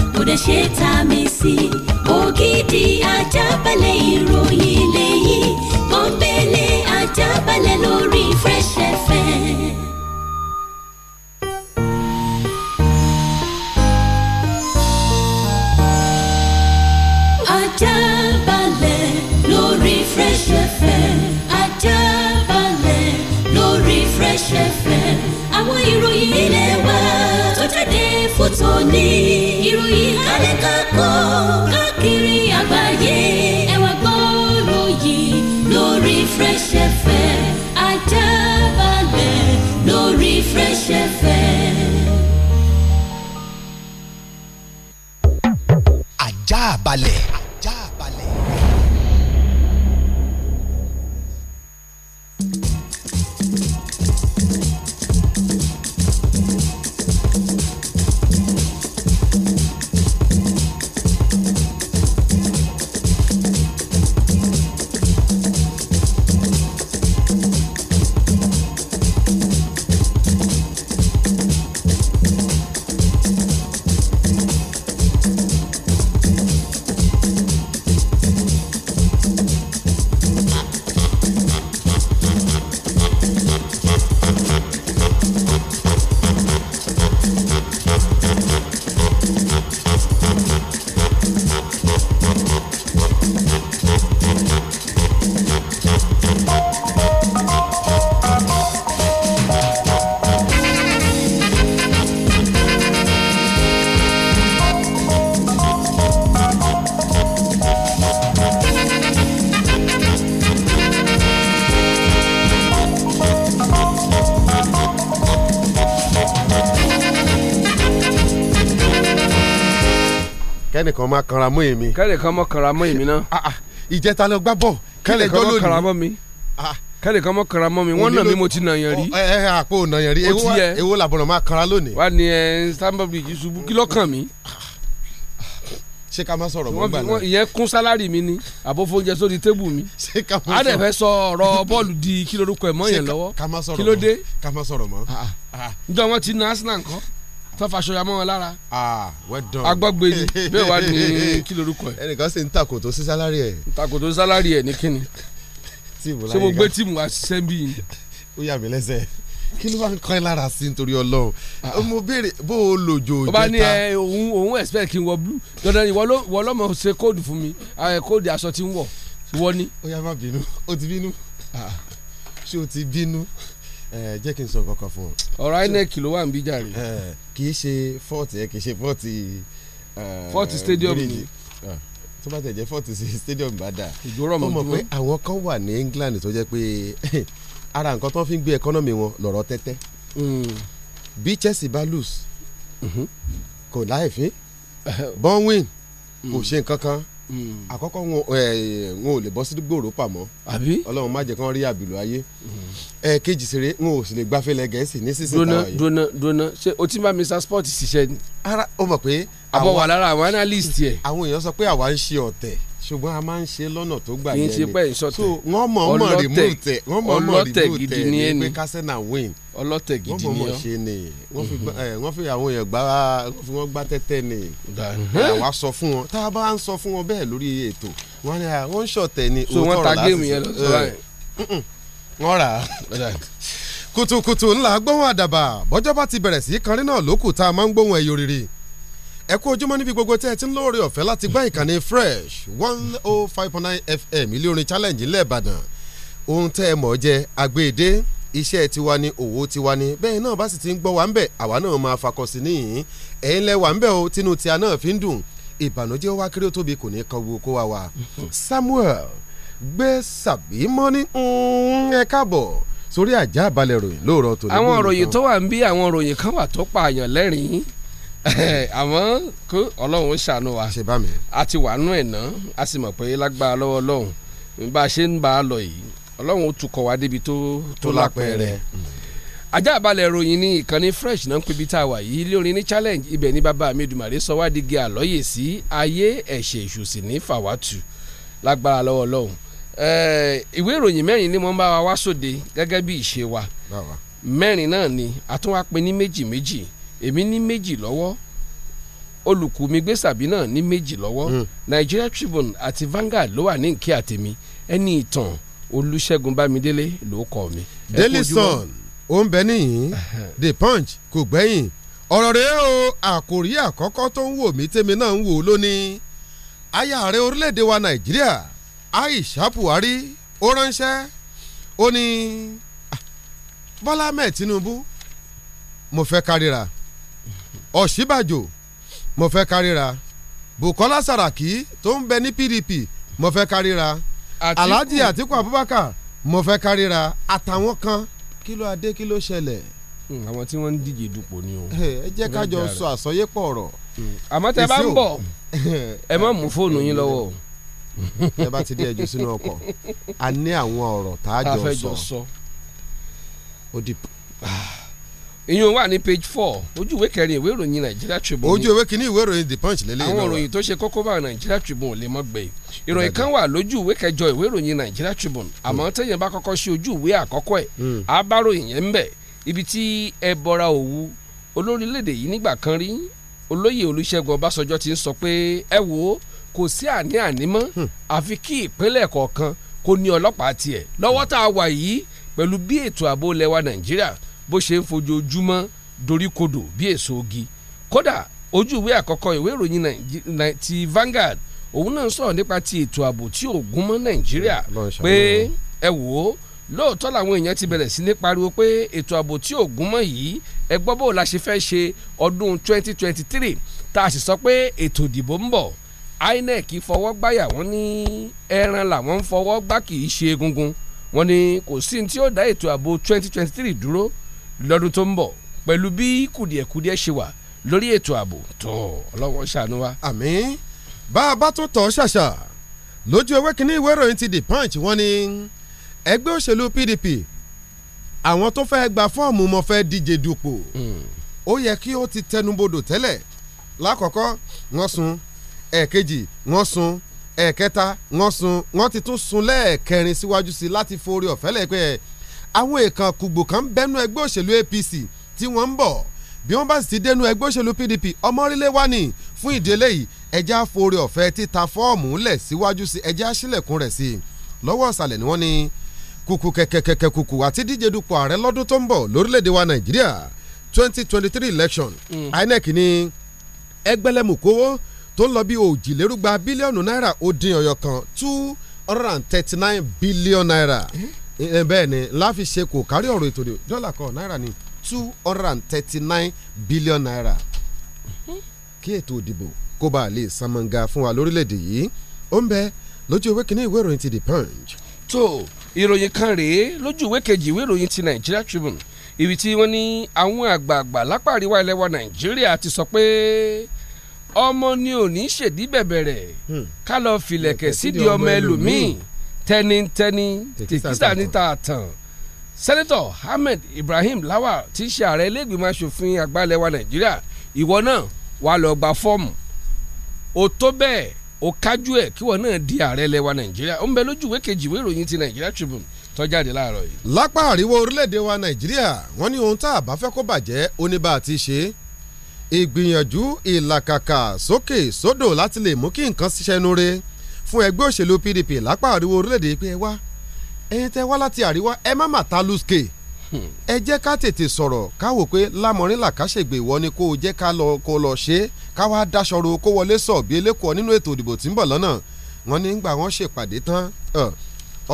kò dẹ̀ ṣe tá a mi sí. ògidì ajábalẹ̀ ìròyìn lẹ́yìn pọ́npẹ́lẹ́ ajábalẹ̀ lórí Fresh FM. fresh fm àwọn ìròyìn ilé wa fótó ní ìròyìn kálẹ̀ kakọ́ káàkiri àgbáyé ẹ wá gbọ́rọ̀ yìí lórí Fresh FM ajá balẹ̀ lórí Fresh FM. ajá balẹ̀. kẹ́nìkan máa kanra mọ́ èmi. kẹ́nìkan máa kanra mọ́ èmi náà. Ah, ah, ìjẹta lọ gbá bọ̀ kẹ́nìkan ló ní ah. kẹ́nìkan mọ́ kanra mọ́ mi wọ́n nà mí mo ti nà yàn rí. ẹ ẹ àpò nà yàn rí ewo làbọ̀nà máa kanra lónìí. wà á ní ẹ Stamford Bridge ṣubú kí ló kàn mí. ṣé ká má sọ̀rọ̀ mọ́ gbà ìyẹn kún sálárì mi ni àbófo oúnjẹ sórí tébù mi. ṣé ká má sọ̀rọ̀. adẹ fẹ́ sọ ọ̀rọ̀ bọ́ọ̀lù di kí lorúkọ ẹ̀ mọ́ yẹn lọ́wọ́ kí ló tó faṣọ ya mọ́ wọn lára. Ah, agbọ́gbe yìí bẹ́ẹ̀ wá ní kí lorúkọ ẹ̀. ẹnìkan sì ń takòtò sí sálárì ẹ̀. takòtò sí sálárì ẹ̀ ní kíni. ṣé mo gbé tíìmù wa ṣiṣẹ́ bí yìí. ó yà mí lẹ́sẹ̀ kí ló máa ń kọ́ ẹ lára sí nítorí ọlọ́run ah, mo ah. béèrè bó o lò jò jẹta. ó bá ní ẹ òun òun expect kí n wọ blue dandan ìwọ lọ́mọ ṣe kóòdù fún mi kóòdù aṣọ tí ń wọ̀ wọ́ ni. ó yà má bínú ó ti bínú ṣé o ti bínú jẹ́ kí n sọ kankan fún ọ. ọ̀rọ̀ inec ló wà ń bí jàre. kì í ṣe fọ́ọ̀tì ẹ kì í ṣe fọ́ọ̀tì. fọ́ọ̀tì stadium ni ah, tó bá tẹ̀ jẹ́ fọ́ọ̀tì stadium bá dà ó mọ̀ pé àwọn kan wà ní England tó jẹ́ pé ara nǹkan tó fi ń gbé economy wọn lọ́rọ̀ tẹ́tẹ́ hmm. bí Chelsea bá lose mhm. kò láìfín bọ́n win kò hmm. ṣe nǹkan kan Mm. àkọ́kọ́ wọn ò lè bọ́ sí gbòòrò pàmò ọlọ́run má jẹ́ kán rí àbìlú ayé mm. ẹ̀ẹ́kejì sèré wọn ò sì lè gbafẹ́ lẹ gẹ̀ẹ́sì ní sísè tàwa yìí. dona dona ṣé o ti bá Mr Sport ṣiṣẹ́ ni. ara ó mọ̀ pé. àbọ̀ wà lára àwọn analyst yẹ. àwọn èèyàn sọ pé àwa ń ṣe ọ̀tẹ̀ ṣùgbọ́n a máa ń ṣe lọ́nà tó gbà yẹn ni kì í ṣe pẹ́ ìṣọ̀tẹ̀ wọ́n mọ̀ ọmọ rìmú tẹ̀ wọ́n mọ̀ ọmọ rìmú tẹ̀ ní pé kásẹ̀nà win ọlọ́tẹ̀ gidi ni ọ́ wọ́n fi àwọn èèyàn gbá wọ́n fi wọ́n gbá tẹ́tẹ́ ni mhm. eh, àwa sọ fún wọn tá a bá ń sọ fún wọn bẹ́ẹ̀ lórí ètò wọn ni wọ́n ń ṣọ̀tẹ̀ ni òótọ́ ọ̀rọ̀ lásìkò eh, wọ́n rà á kùtùkùtù ńlá gbóhùn àdàbà bọ́jọ́ bá ti bẹ̀rẹ̀ sí kanrin náà lókù tá a máa ń gbóhùn ẹ̀yọ́ rírì ẹ kú ojúmọ́ níbi gbogbo tẹ́ ẹ ti ń lóore ọ̀fẹ́ láti gbá ìkànnì fresh one oh five point nine fm ilé orin challenge ńlẹ̀ ìbàdàn ohun tẹ́ ẹ mọ̀ jẹ́ agbèdè e iṣẹ́ tiwa ni òwò tiwa ni bẹ́ẹ̀ náà bá sì ti ń gbọ́ wa ń bẹ̀ àwa náà máa fakọ̀sí níyìn ẹ̀yin lẹ ń bẹ̀ o tinú tí a náà fi ń dùn ìbànújẹ́ wá kéré tóbi kò ní kan gbogbo kó wa wa Samuel gbé sàbímọ́ ní ẹ káàbọ̀ sórí àjà àbálẹ̀ ròyìn lóòrọ̀ tòní. àwọn òròyìn tó wà ń bí àwọn òròyìn kan wà tó pààyàn lẹ́rìn-ín àmọ́ kó ọlọ́run ṣàánú wa a ti wà nú ẹ̀ ná a sì mọ̀ pé lágbára lọ́wọ́ ọlọ́run bá a ṣe ń bá a lọ yìí ọlọ́run ó tukọ̀ wá débi tó tó lápẹ̀rẹ̀ ajá balẹ̀ ròyìn ní ìkànnì fresh náà ń pè bí tá a wà yìí lórí ní challenge ibẹ̀ ní bàbá mi dùmàrè sọ wá digi àlọ́yè sí ayé ẹ̀ṣẹ̀ èṣù sì ní fàwátù lágbára lọ́wọ́ ọlọ́run ìwé ìròyìn mẹ́rin ni wọ́n bá wa wá sóde gẹ́gẹ́ bí ìṣe wa mẹ́rin náà ni àtúnwá pe ní méjì méjì èmi ní méjì lọ́wọ́ olùkùmígbé sàbínà ní méjì lọ́wọ́ hmm. Nigeria Tribune àti Vanguard ló wà ní nkí àtẹ̀mí ẹni ìtàn Olúṣẹ́gun Bámidélé ló kọ́ mi. Daily Sun ó ń bẹ níyìn The Punch kò gbẹ́yìn ọ̀rọ̀ rẹ̀ o àkòrí àkọ́kọ́ tó ń wò mí tèmi náà ń wò lónìí aya ààrẹ orílẹ̀-èdè wa Nàìjíríà Aisha Buhari ó ránṣẹ́ ó ní ah, Bọ́lá mẹ́ẹ̀ Tinubu mo fẹ́ kárìíra ọ̀ṣíbàjò mo fẹ́ káríra bukola saraki tó ń bẹ ní pdp mo fẹ́ káríra alhaji atiku abubakar mo fẹ́ káríra àtàwọn kan kilo ló adé kí ló ṣẹlẹ̀ hmm, àwọn tí wọ́n ń díje dupò ni o. ẹ jẹ́ ká jọ sọ àsọyépọ̀ ọ̀rọ̀. Hmm, àmọ́ tẹ bá ń bọ̀ ẹ má mú fóònù yín lọ́wọ́. tẹ bá ti dé ẹjọ́ sínú ọkọ̀ a ní àwọn ọ̀rọ̀ tá a jọ sọ. a fẹ́ jọ sọ ìyún wà ní page four ojú ìwé kẹrin ìwé ìròyìn Nigeria Tribune ojú ìwé kìíní ìwé ìròyìn the punch lélẹ́yìn náà àwọn ìròyìn tó ṣe kókó bá Nigeria Tribune ò lè mọ́ gbé ìròyìn kan wà lójú ìwé kẹjọ ìwé ìròyìn Nigeria Tribune àmọ́ hmm. tẹ́yìn bá kọ́kọ́ ṣe ojú ìwé àkọ́kọ́ ẹ̀ hmm. abáròyìn yẹn ń bẹ̀ ibi tí ẹ bọra òwú olórílẹ̀‐èdè yìí nígbà kan rí olóyè Olúṣẹ́gun Ọbásanjọ́ ti ń sọ pé ẹ wo kò sí àní àní mọ́ hmm. àfi kí ìpínlẹ̀ kọ̀ọ̀kan kò ní ọlọ́pàá tiẹ̀ lọ́wọ́ tá a wà yìí pẹ̀lú bí ètò ààbò lẹwa Nàìjíríà bó ṣe ń fojoojúmọ́ doríkodò bí èso ogi kódà ojú ìwé àkọ́kọ́ ìwé ìròyìn ti Vanguard òun náà sọ̀rọ̀ nípa ti ètò ààbò tí ò gún mọ́ Nàìjíríà pé ẹ wò ó lóòótọ́ làwọn èèyàn ti bẹ̀rẹ̀ sí ní pariwo pé ètò ààbò tí ò gún mọ́ yìí ẹ gbọ́ la ṣe fẹ́ ṣe ọdún 2023 tá a sì sọ pé ètò ìdìbò ń bọ̀ INEC fọwọ́ gbáyà wọ́n ní ẹran làwọn ń fọwọ́ gbá kì í ṣe egungun wọ́n ní kò sí ní tí ó dá ètò ààbò 2023 dúró lọ́dún tó ń bọ̀ pẹ̀lú bí kùdìẹ̀kùdìẹ̀ ṣe wà lórí ètò ààbò tó ọlọ́wọ́ ṣàánú wa. àmín bá a bá tún tọ̀ ṣàṣà lójú ewé kínní ìwé ìròyìn ti The Punch wọ́n ní ẹgbẹ́ òṣèlú PDP àwọn tó fẹ́ gba fọ́ọ̀mù mọ́ fẹ́ díje dupò hmm. ó yẹ kí ó ti tẹnubodò tẹ́lẹ̀ lákọ̀ọ́kọ́ wọ́n sun ẹ̀ẹ̀kejì wọ́n sun ẹ̀ẹ̀kẹta wọ́n sun wọ́n ti tún sun lẹ́ẹ̀kẹrin síwájú sí i láti forí ọ̀fẹ́ lẹ́ẹ̀pẹ́ àwọn èèkàn kùgbò kan bẹ́nu ẹgbẹ́ òṣèlú APC tí wọ́n ń bọ̀ bí wọ́n bá sì ti dénú ẹgbẹ́ òṣèlú PDP ọmọrílẹ̀ wá ní fún ìdílé yìí ẹjẹ́ àforí ọ̀fẹ́ títa fọ́ọ̀mù ńlẹ̀ síwájú sí ẹjẹ́ àṣìlẹ̀kùn rẹ̀ sí lọ́wọ́ ọ̀sàlẹ̀ ni wọ́n ní kùkù kẹ̀kẹ̀kẹ̀kẹ̀ kùkù àti díje dupò ààrẹ lọ́dún tó ń bọ̀ lórílẹ̀‐èdè wa Nàìjíríà 2023 election mm. INEC ní ẹgbẹ́lẹ́mùkówó tó ń lọ bí òjìlérúgba bílíọ̀nù náírà ó dín ọyọ kan two hundred and thirty nine billion naira eh? Eh, eh, bẹ́ẹ̀ ni láfi ṣe kò kárí ọ̀rọ̀ ètò rẹ̀ dọ́là kan náírà ni two hundred and thirty nine billion naira kí ètò ìdìbò kó bá a lè san mọ́ngà fún wa lórílẹ̀‐èdè yìí ó ń bẹ lójú ewé kínní ìwé ìròyìn ti the punch. tó ìròyìn kan rèé lójú ìwé kejì ìwé ìròyìn ti Nigeria Tribune ibi tí wọ́n ní àwọn àgbààgbà lápá àríwá ilẹ̀ wa Nàìjíríà ti sọ pé ọmọ ni ò ní ṣèdí bẹ̀bẹ̀rẹ̀ hmm. ká lọ filẹ̀kẹ̀ sídìí ọmọ ẹlòmíì tẹnitẹni tìkítà níta tàn sẹ́nẹ́tọ̀ Ahmed Ibrahim Lawal ti ṣe ààrẹ iléègbìmọ̀ asòfin àgbàlẹ̀ wa Nàìjíríà ìwọ náà wà lọ gba fọ́ọ̀mù o tó bẹ́ẹ̀ o kájú ẹ̀ kíwọ náà di ààrẹ ilẹ̀ wa Nàìjíríà ó ń bẹ lójú ìwé kejì ìwé ìròyìn ti Nàìjíríà Tribune tó jáde láàárọ̀ yìí. lápá àríwá orílẹ̀-èdè wa Nàìjíríà wọ́n ní ohun tá a bá fẹ́ kó bàjẹ́ oníbà ti ṣe é ìgbìyànjú ìlàkàkà sókè sódò láti lè mú kí nǹkan ṣiṣẹ́ nure fún ẹgbẹ́ òṣèlú PDP lápá àríwá orílẹ̀-èdè pé ẹ wá ẹ̀yin tẹ́ wá láti àríwá ẹ má mà ta lùsùkè hmm. ẹ jẹ́ ká tètè sọ̀rọ̀ ká wò pé lámọ̀rìnlá ká ṣègbè ni kó o jẹ́ ká lọ kó lọ ṣe é ká wá daṣọro kó wọlé sọ bí elékòó nínú ètò ìdìbò tí ń bọ̀ lọ́nà wọn ní gbà wọ́n ṣèpàdé tán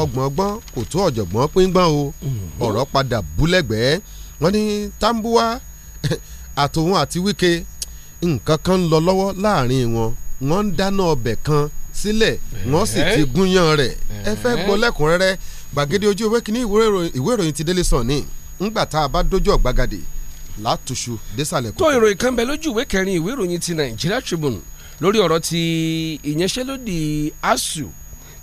ọgbọ̀n kò tó ọ̀jọ̀gbọ́n píngbọ́n o hmm. ọ̀rọ̀ padà búlẹ̀gbẹ́ẹ́ wọ́n ní Tambuwa àtòun àti Wike nǹkan kan ń lọ lọ́wọ́ láàrin wọn wọ́n ń dáná ọbẹ̀ kan sílẹ̀ wọ́n sì ti gúnyán rẹ̀ ẹ fẹ́ gbọ́ lẹ́kùnrẹ́rẹ́ gbàgede ojú ìwé kìíní ìwé ìròyìn ti Daily Sun ní ńgbà tá a bá dójú ọ̀gbagadè látúṣu désàlẹ̀ kò. tó ìròyìn kan bẹ lójú ìwé kẹrin ìwé ìròyìn ti Nigeria Tribune lórí ọ̀rọ̀ ti ìyanṣẹ́lódì ASUU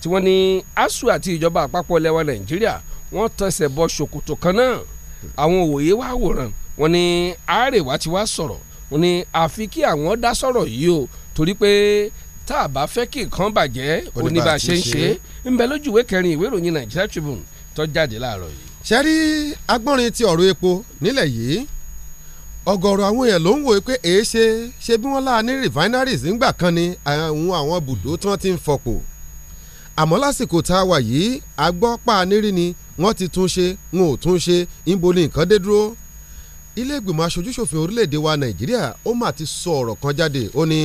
tí wọ́n ní ASUU àti ìjọba àpapọ̀ lẹ́wà Nàìjíríà wọ́n tẹsẹ̀ bọ ṣòkòtò kan náà àwọn òwòye wá wòran wọ́n ní Ààrẹ wa ti wá sọ̀rọ̀ wọ́n ní àfi kí àwọn dá sọ̀rọ̀ yìí o torí pé tá a bá fẹ́ kí nǹkan bàjẹ́ oníbà ṣe ń ṣe é ń bẹ lójú ìwé kẹrin ìwé ìròyìn Nigeria Tribune tó jáde láàárọ̀ yìí. ṣe agbọ́nrin ti ọ̀rọ̀ epo nílẹ̀ yìí ọ̀gọ̀rọ̀ àwọn èèyàn ló ń wò pé èé ṣe ṣe bí wọ́n láà ní refineries nígbà kan ni àwọn àwọn bùdó tí wọ́n ti ń fọpo àmọ́ lásìkò tá a wà yìí agbọ́pá nírí ni wọ́n ti tún ṣe wọn ò tún ṣe níbo ni nǹkan dé dúró ilé ìgbìmọ̀ aṣojúṣòfin orílẹ̀-èdè wa Nàìjíríà ó mà ti sọ ọ̀rọ̀ kan jáde ó ní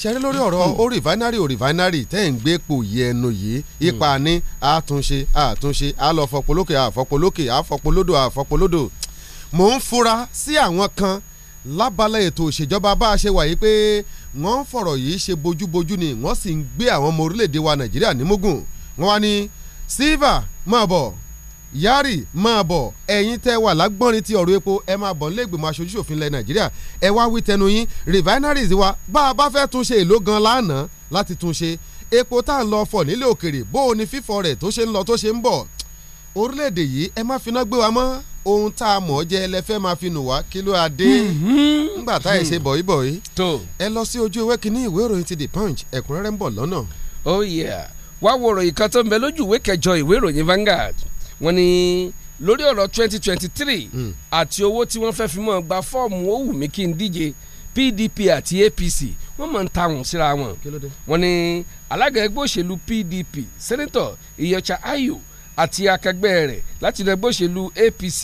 ṣẹ́rí lórí ọ̀rọ̀ ó rìfáínárì ó rìfáínárì tẹ́ ń gbé po yìí ẹnu yìí ipa hmm. ní àtúnṣe àtúnṣe àlọ́fọpolókè àfọpolókè àfọpolódò àfọpolódò mò ń fura sí àwọn kan lábala ètò òṣèjọba bá a ṣe wà yìí pé wọ́n ń fọ̀rọ̀ yìí ṣe bójúbójú ni wọ́n sì ń gbé àwọn ọmọ orílẹ̀-èdè wa Nàìjíríà ní mógùn wọ́n wá ní Silva máa bọ̀ yari máa bọ̀ ẹ̀yin tẹ́ wà lágbọ́nrin ti ọ̀rọ̀ epo ẹ máa bọ̀ nílé ìgbìmọ̀ aṣojú ṣòfin ilẹ̀ nàìjíríà ẹ wá wí tẹnu yín refineries wa bá a bá fẹ́ túnṣe èlò gan lánàá láti túnṣe epo tá à ń lọ fọ̀ nílé òkèrè bó o ní fífọ̀ rẹ̀ tó ṣe ń lọ tó ṣe ń bọ̀ orílẹ̀-èdè yìí ẹ má finá gbé wa mọ́ ohun tá a mọ̀ ọ́ jẹ́ ẹlẹ́fẹ́ máa fi nù wá kí ló a dé hmm. ńgbà tá ẹ̀ ṣe hmm. bọ̀yìbọ̀yì ẹ lọ sí ojú ewé kínní ìwé ìròyìn ti the punch ẹ̀kúnrẹ́rẹ́ ń bọ̀ lọ́nà. ó oh yẹ wá wo ìròyìn kan tó ń bẹ lójú ìwé kẹjọ ìwé ìròyìn Vanguard wọ́n ní lórí ọ̀rọ̀ twenty twenty three hmm. àti owó tí wọ́n fẹ́ fi mọ́ gba fọ́ọ̀mù ó wù kí n díje PDP àti APC wọ́n mọ̀ ń ta wọn síra wọn wọ́n ní alága ẹgbẹ́ òṣèlú PDP sẹ́nitọ̀ Iyorchia Ayu àti akẹgbẹ́ rẹ̀ láti inú ẹgbẹ́ òṣèlú APC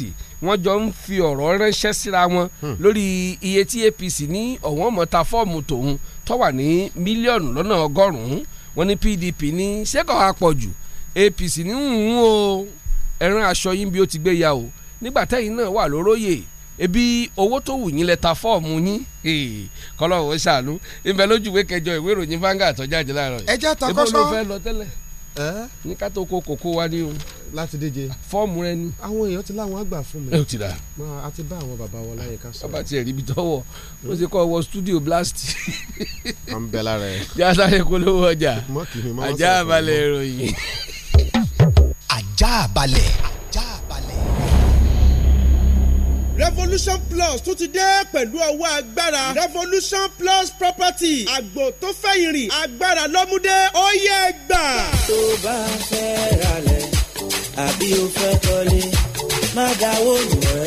wọ́n jọ ń fi ọ̀rọ̀ ránṣẹ́ síra wọn hmm. lórí iye tí APC ní ọ̀wọ́n mọ̀ta fọ́ọ̀mù tòun tó wà ní mílíọ̀nù lọ́nà ọgọ́rùn-ún wọ́n ní PDP ní ṣé kò àpọ̀jù APC ní ń o ẹran aṣọ yín bí ó ti gbé ya o nígbà tẹ́yìn náà wà lóróyè ebi owó tó wù yín lẹ ta fọ́ọ̀mù yín kọ́lọ́wọ́ ṣàánú ìbẹ̀ lójúwé kẹjọ ìwé ìròyìn fanga tó jáde láàárọ̀ yìí ẹja ta kọ́sọ́ ebi olóòfẹ́ lọ tẹ́lẹ̀ ní kátó ko kòkó wa ni o láti díje fọ́ọ̀mù rẹ ni. àwọn èèyàn ti láwọn àgbà fún mi. ẹ ti da. a ti bá àwọn bàbá wọn láyé ká sọ. bàbá tiẹ̀ ríbi tọ́wọ̀ ó ti kọ́ wọ studio blast. à ń bẹ lára ẹ. jáde àlẹ́ ọjà ajá balẹ̀ ìròyìn ajá Revolution Plus tún ti dé pẹ̀lú ọwọ́ agbára Revolution Plus Property àgbò tó fẹ́ ìrìn agbára lọ́múdé ó yẹ gbà. tó bá fẹ́ ralẹ̀ àbí o fẹ́ kọ́lé má dáwọ́ lù ẹ́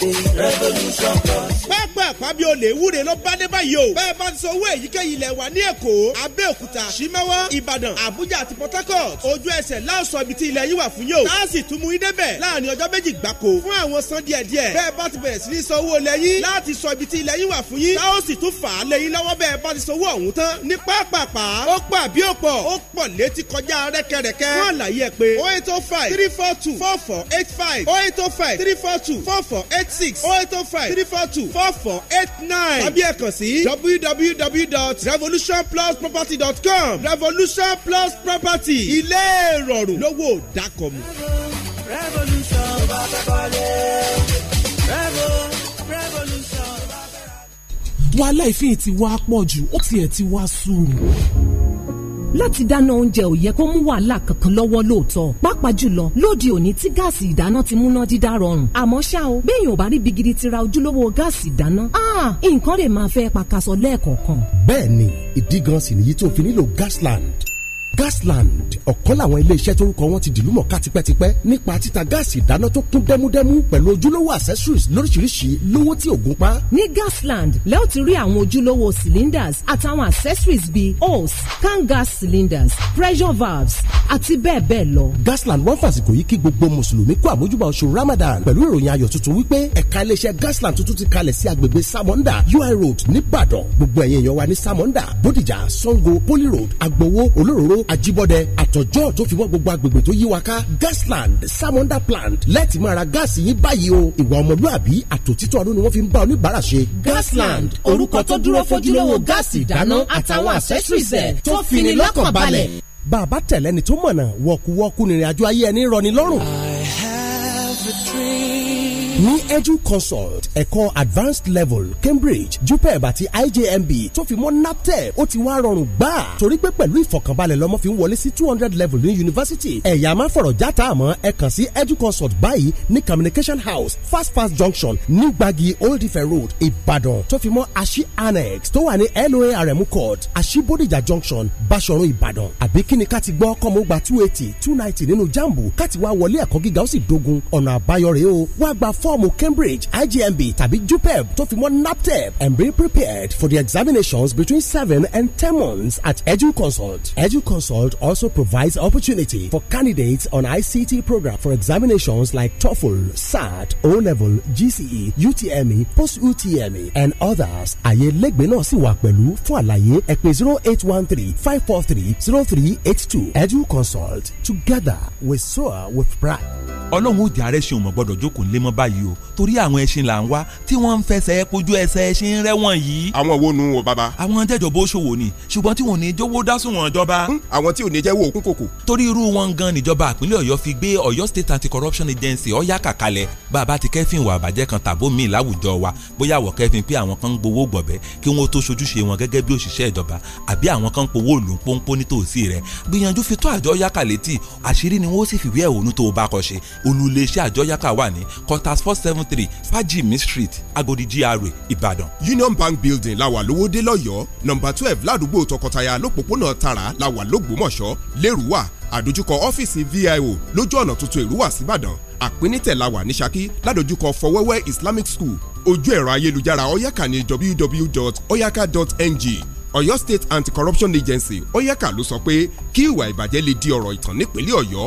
revolution plus. pápá àpábí olè wúre ló bá dé báyìí o. bẹ́ẹ̀ bá ti sọ owó èyíkéyìí ilẹ̀ wa ní èkó abẹ́òkúta simẹ́wọ́ ìbàdàn àbújá àti port harcourt ojú ẹsẹ̀ láòsọ ibi tí ilẹ̀ yìí wà fún yóò. láàsì tún mú i débẹ̀ láàrin ọjọ́ méjì gbáko fún àwọn san díẹ̀ díẹ̀. bẹ́ẹ̀ bá ti bẹ̀rẹ̀ sí ní sọ owó ilẹ̀ yìí láti sọ ibi tí ilẹ̀ yìí wà fún yín. láòsì tún fà á lẹ́yìn lọ́wọ́ bẹ́ẹ̀ bá ti sọ owó ọ̀hún tán. ní pápápá ó pọ̀ àbí ó pọ̀ ó pọ̀ létí kọjá rẹ́kẹrẹ́kẹ́. fún àlàyé ẹ pé oh eight oh five three four six oh eight oh five three four two four four eight nine tàbí ẹ kàn sí www.revolutionplusproperty.com revolution plus property ilé ìrọ̀rùn lówó dákọ̀mù. revolution bá fẹ́ kọ́lé revolution wàhálà ìfihàn ti wá pọ̀ jù ó tiẹ̀ ti wá sú mi. láti dáná oúnjẹ ò yẹ kó mú wàhálà kankan lọ́wọ́ lóòótọ́ pàápàá jùlọ lóde òní tí gáàsì ìdáná ti múná dídá rọrùn àmọ́ ṣá o béèyàn ò bá rí bigidi ti ra ojúlówó gáàsì ìdáná ah, nǹkan lè máa fẹ́ pàkàṣọ lẹ́ẹ̀kọ̀ọ̀kan. bẹ́ẹ̀ni ìdí gan sì nìyí tó fi nílò Gasland Gasland ọ̀kan làwọn iléeṣẹ́ tórúkọ wọn ti dìlú mọ̀ká tipẹ́tipẹ́ nípa títa gáàsì ìdáná tó kún dẹ́múdẹ́mú pẹ̀lú ojúlówó accessories lóríṣiríṣi lówó tí ògùn pa. ní Gasland lẹ́ẹ̀ ti rí àwọn ojúlówó cylinders àtàwọn accessories bíi hose can gas cylinders pressure valves àti bẹ́ẹ̀ bẹ́ẹ̀ lọ. Gasland wọ́n fàsìkò yìí kí gbogbo mùsùlùmí kó àmójúbà oṣù Ramadan pẹ̀lú ìròyìn ayọ̀ tuntun wípé ẹ̀ka iléeṣẹ́ Gasland tuntun ti kalẹ̀ sí agbègbè Samonda UI Road nìbàdàn gbogbo ẹ̀yin Samonda Bódìjà Sango Poly Road Agbowo Olóróró àjíbọ̀dẹ àtọ̀jọ́ tó fi wọ́ gbogbo agbègbè tó yí wa ká gasland samonda plant láti máa ra gáàsì yín báyìí o ìwà ọmọlúàbí àtòtítọ́ ọdún ni wọ́n fi ń bá oníbàárà ṣe. gasland orúkọ tó dúró fojúlówó gáàsì ìdáná àtàwọn accessories tó fini lọ́kàn balẹ̀. bàbá tẹ̀lẹ́ni tó mọ̀nà wọ̀kúwọ́kú nìrìnàjò ayé ẹni rọni lọ́rùn. I have a dream ní edu consult ẹ̀kọ́ advanced level cambridge jupeb àti ijmb tó fi mọ́ naptep ó ti wá rọrùn gbà torí pé pẹ̀lú ìfọ̀kànbalẹ̀ lọ́mọ fi ń wọlé sí two hundred level ní yunifásitì ẹ̀yà máa fọ̀rọ̀ játa àmọ́ ẹ kàn sí edu consult báyìí ní communication house fast fast junction ní gbagi old ife road ìbàdàn tó fi mọ́ aṣí annex tó wà ní loarm court ashi bodija junction báṣọ̀run ìbàdàn àbí kíni ká ti gbọ́ kọ́mọ́ gba two eighty two ninety nínú jambu ká ti wá wọlé ẹ̀kọ́ gíga ó sì dogun ọ̀nà àbáyọ o wá four fọ́ọ̀mù Cambridge IGMB tàbí JUPEB tó fi mọ́ NAPTEP and be prepared for the examinations between seven and ten months at EduConsult. EduConsult also provides opportunity for candidates on ICT program for examinations like TOEFL, SAT, O-Level, GCE, UTME, Post-UTME and others. Àyè lẹ́gbẹ̀ẹ́ náà sì wà pẹ̀lú fún àlàyé ẹ zero eight one three five four three zero three eight two EduConsult together we soar with pride. Ọlọ́run ó jẹ́ àrẹ́sìn ò mọ̀ gbọ́dọ̀ jókòó ńlẹ́ mọ́ báyìí yìí o torí àwọn ẹṣin là ń wá tí wọ́n ń fẹsẹ̀ kojú ẹsẹ̀ ẹṣin rẹ́wọ̀n yìí. àwọn wo nu wo bàbá. àwọn jẹjọ bó ṣòwò ni ṣùgbọ́n tí wọn ò ní jówó dásùn wọn jọba. àwọn tí ò ní jẹ́wọ́ òkú kòkò. torí irú wọn gan níjọba ìpínlẹ̀ ọ̀yọ́ fi gbé ọ̀yọ́ state anti-corruption agency ọ̀yá kàkalẹ̀ bàbá ti kẹ́fìn wà bàjẹ́ kan tàbó mi láwùjọ wa bóyá àwọ̀ kẹ́fìn pé àwọn kan ń gbowó gbọ̀bẹ́ kí wọ́n tó ṣojúṣe wọn gẹ́gẹ́ bí òṣìṣẹ́ ìjọba àbí àwọn kan ń powó lù ń pọ́npọ́n nítòsí rẹ̀ gbìyànjú fi tó àjọ yákà létí àṣírí ni wọ́n sì fìwé ẹ̀hónú tó o bá kọ ṣe olùléeṣẹ́ àjọ yákà wà ní contact four seven three fajimi street agodi gra ìbàdàn. union bank building làwà lówódé lọ́yọ́ọ́ nọ́mbà twelve ládùúgbò tọkọtaya lọ́pọ̀pọ̀nà tara làwà lógbómọ̀ṣọ́ lérúwà àdójúkọ ọ́fíìsì vio lójú ọ̀nà tuntun ìrúwà síbàdàn àpínítẹ̀ làwà ní ṣakí ládójúkọ fọwẹ́wẹ́ islamic school ojú ẹ̀rọ ayélujára oyaka ní www.oyaka.ng ọ̀yọ́ state anti-corruption agency oyaka ló sọ pé kí ìwà ìbàjẹ́ lè di ọ̀rọ̀ ìtàn nípínlẹ̀ ọ̀yọ́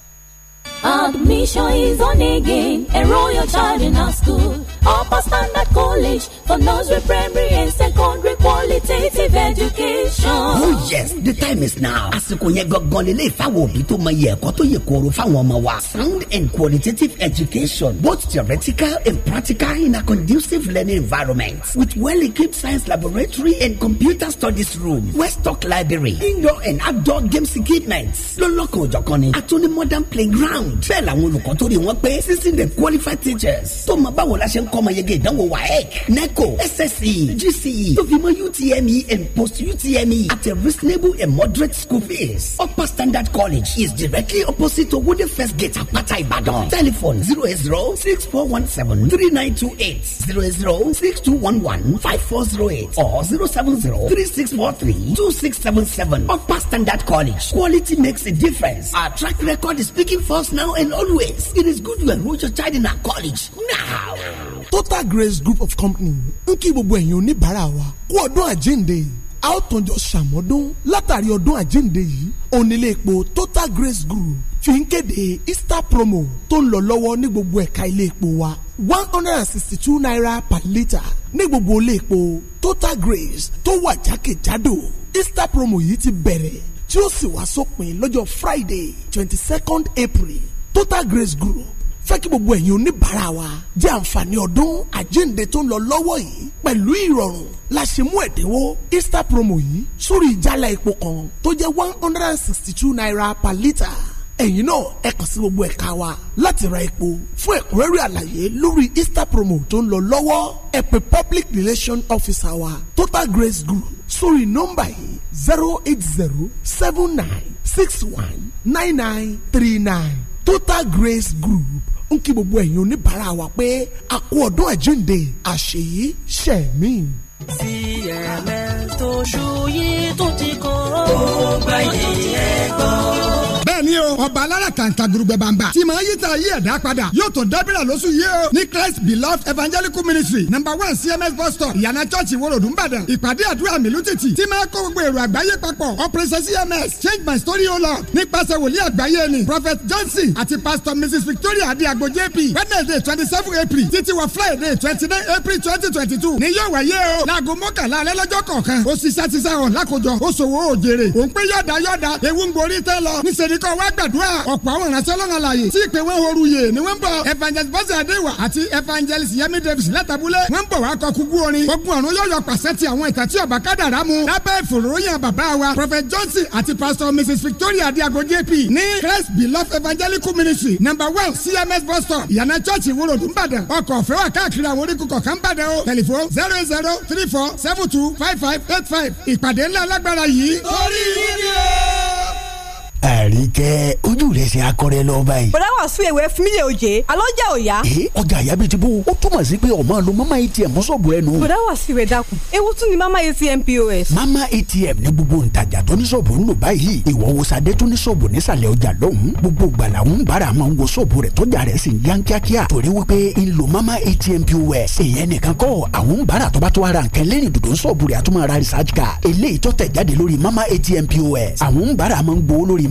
Admission is on again. Enroll your child in our school. Upper Standard College for nursery, primary, and secondary qualitative education. Oh yes, the time is now. As you can go, ìfáwọn òbí tó mọ iye ẹ̀kọ́ yẹ kóró fáwọn ọmọ Sound and qualitative education, both theoretical and practical in a conducive learning environment with well-equipped science laboratory and computer studies room, Westock library, indoor and outdoor games equipment. Lọ́lọ́kan òjọ̀kan ni, àtúní modern playground good. bẹ́ẹ̀ làwọn olùkọ́ tó rí wọn pé sixteen the qualified teachers tó mọ báwo la ṣe ń kọ́ ọmọ yege ìdánwò waec neco sse gce tó fi mọ utme and post utme at a reasonable and moderate school fees upper standard college is directly opposite to wooden first gate apata ibadan telephone zero eight zero six four one seven three nine two eight zero eight zero six two one one five four zero eight or zero seven zero three six four three two six seven seven upper standard college quality makes a difference our track record is speaking for us now now and always. It is good you enroll your child in our college now. Total Grace Group of Company ń kí gbogbo ẹ̀yin oníbàárà wa kú ọdún àjíǹde a ó tún jọ ṣàmọ́dún látàrí ọdún àjíǹde yìí onílé-epo Total Grace Group fi ń kéde Easter promo tó ń lọ lọ́wọ́ ní gbogbo ẹ̀ka ilé-epo wa one hundred and sixty two naira per litre ní gbogbo ilé-epo Total Grace tó wà jákèjádò Easter promo yìí ti bẹ̀rẹ̀ tí ó sì wá sópin lọ́jọ́ Friday twenty second April total grace group fẹ́ kí gbogbo ẹ̀yin oníbàárà wa jẹ́ àǹfààní ọdún àjíǹde tó ń lọ lọ́wọ́ yìí pẹ̀lú ìrọ̀rùn la ṣe mú ẹ̀dínwó easter promo yìí sórí ìjálá epo kan tó jẹ́ one hundred and sixty two naira per litre ẹ̀yin náà ẹ kàn sí gbogbo ẹ̀ka wa láti ra epo fún ẹ̀kúnrẹ́rẹ́ àlàyé lórí easter promo tó ń lọ lọ́wọ́ ẹ pè public relations officer wa total grace group sórí nọ́mbà yìí zero eight zero seven nine six one nine nine three nine total grace group ń kí gbogbo ẹ̀yin oníbàárà wa pé a kú ọdún àjíǹde àṣeyí ṣẹ̀mí. cms tó ṣú yìí tó ti kọ́ ó gbà yìí ẹ̀gbọ́n ní o ọba alára kàńtà gurugbẹ bàǹbà tí màá yí ta yí ẹ̀dá padà yóò tó dábìlà lóṣù yìí o ní Christ Beloved Evangelical Ministry number one CMS bus stop ìyànà church ìwòròdú ńbàdàn ìpàdé àdúrà mìlú títì tí máa kó gbogbo èrò àgbáyé papọ̀ Operation CMS change my story o lord nípasẹ̀ wòlíì àgbáyé ni Prophet Johnson àti Pastor Mrs Victoria Adiago JP Wednesday twenty seven April títí wọ Friday twenty nine April twenty twenty two ni yóò wáyé o láago mọ́kànlá alẹ́ lọ́jọ́ kọ̀ọ̀kan ó sì sá ti sá hàn lákòjọ ó ṣòwò òjèrè òun pé yọ̀dá yọ̀dá ewu ń gorí tẹ́ lọ níṣẹ́ ni kọ́ w wá gbàdúrà ọ̀pọ̀ àwọn ìránṣẹ́ lọ́nà láàyè tí ìpè wọn horu yè ni wọ́n ń bọ̀ evangelist bọ́sẹ̀ adéwà àti evangelist yẹmi davis látàbúlé wọ́n ń bọ̀ wá kọ kúkú orin ogun ọ̀run yóò yọ pàṣẹ ti àwọn ìtàn tí ọ̀bà kádàrá mu lábẹ́ ìfòròyìn bàbá wa prophet johnson àti pastor mrs victoria adiago jp ni christ beloved evangelical ministry number one cms bus stop ìyànà church ìwòròdú nìbàdàn ọkọ̀ ọ̀fẹ́ wà káàkiri àwọn oríkùn kọ̀ọ̀kan nìbàdàn o zero zero three four seven two five five eight five ìpàdé ńlá alágbára o àríkẹ́ ojú rẹ̀ ṣe akọrẹ lọ báyìí. bọ̀dá wà sún ewé fún mi lè oje alọ́ jẹ́ òya. ee ọjà àyà bíi ti bó o túmọ̀ sí pé ọmọ lo mama atm sọ̀bù ẹnu. bọ̀dá wà sí ìwé dákun ewu tún ni mama atm pos. mama atm ní gbogbo ntajà tó ní sọ̀bù ń lò báyìí ìwọ wo sadé tó ní sọ̀bù nísàlẹ̀ ọjà lọ́hùn gbogbo gbala ń bára máa ń wo sọ̀bù rẹ̀ tọ́jà rẹ̀ sì ń yan kíákíá torí wípé ń lo mama atm pos. èèyàn nìkan kọ́ àwọn ń bára tó bá tó ara nǹkan lẹ́yìn dòdò sọ̀bù rẹ̀ àtúmọ̀ ara research eléyìí tó jáde lórí mama atm pos. àwọn ń bára máa ń gbowó lórí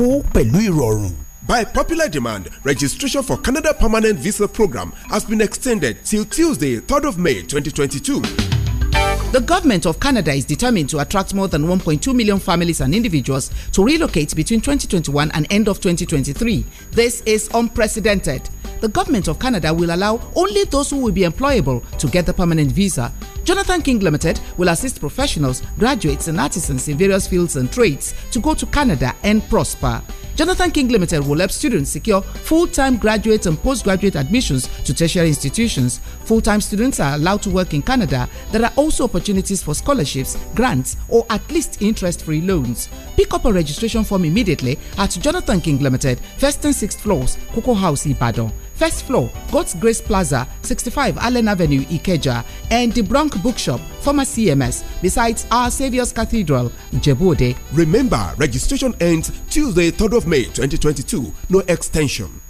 owó pẹ̀lú ìrọ̀rùn. By popular demand, registration for Canada Permanent Visa Program has been extended till Tuesday, 3rd of May 2022. The government of Canada is determined to attract more than 1.2 million families and individuals to relocate between 2021 and end of 2023. This is unprecedented. The government of Canada will allow only those who will be employable to get the permanent visa. Jonathan King Limited will assist professionals, graduates, and artisans in various fields and trades to go to Canada and prosper. Jonathan King Limited will help students secure full time graduate and postgraduate admissions to tertiary institutions. Full time students are allowed to work in Canada. There are also opportunities for scholarships, grants, or at least interest free loans. Pick up a registration form immediately at Jonathan King Limited, first and sixth floors, Cocoa House, Ibadan. First floor, God's Grace Plaza, 65 Allen Avenue, Ikeja, and the Bronx Bookshop, former CMS, besides Our Saviour's Cathedral, Jebode. Remember, registration ends Tuesday, 3rd of May 2022. No extension.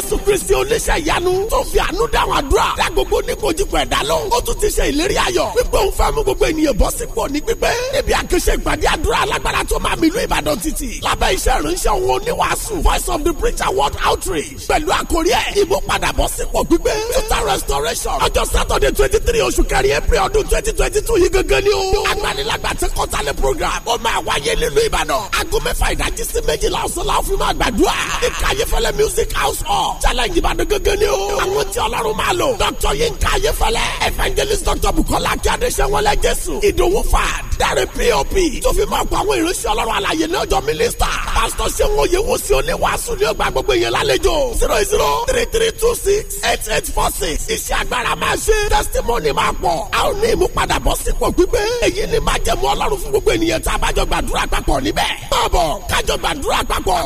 jésù kristi oníṣẹ́ ìyanu tó fi àánú dáhùn àdúrà dá gbogbo oníkojúkọ ẹ̀dá lóhùn ó tún ti ṣe ìlérí ayọ̀ wípé òun fẹ́ mú gbogbo ènìyàn bọ́ sípò ní pípé níbi àkẹ́ṣe ìpàdé àdúrà alágbára tó máa mi ìlú ìbàdàn títì lábẹ́ iṣẹ́ ìránṣẹ́ òun oníwàásù voice of the preacher world outreach pẹ̀lú àkórí ẹ̀ ìmúpadàbọ̀ sípò gbígbé total restoration ọjọ́ saturday twenty three oṣù kẹrin april ọdún twenty twenty two yìí gangan ni o agbanilagba ti kọ́tàlẹ̀ program ó máa wáyé nílùú ìbàdàn aago ìdájí sí méjìlá ọ̀sán la ó music house hall lọ. challenge ìbàdàn gẹ́gẹ́ ni o. àwọn tí ọlọ́run máa lò. dr yinka ayefẹlẹ. evangelist dr bukola jáde sẹ́wọ́lẹ̀ jésù. ìdòwú fad. dari pop. tó fi máa kó àwọn ìránṣẹ́ ọlọ́run àlàyé ní ọjọ́ mínísítà. pásítọ̀ sẹ́wọ́n yẹ̀wò sí oníwàásù ní ọgbà gbogbo yẹn lálejò. zero zero three three two six eight eight four six. iṣẹ́ agbára máa ṣe. testimony máa pọ̀. a ò ní ìmúpadàbọ̀ sípò gbígbé. èyí ni máa jẹ́ mú ọlọ́run fún gbogbo ènìyàn tá a bá jọ gbàdúrà papọ̀ níbẹ̀. báàbọ̀ kájọ gbàdúrà papọ̀.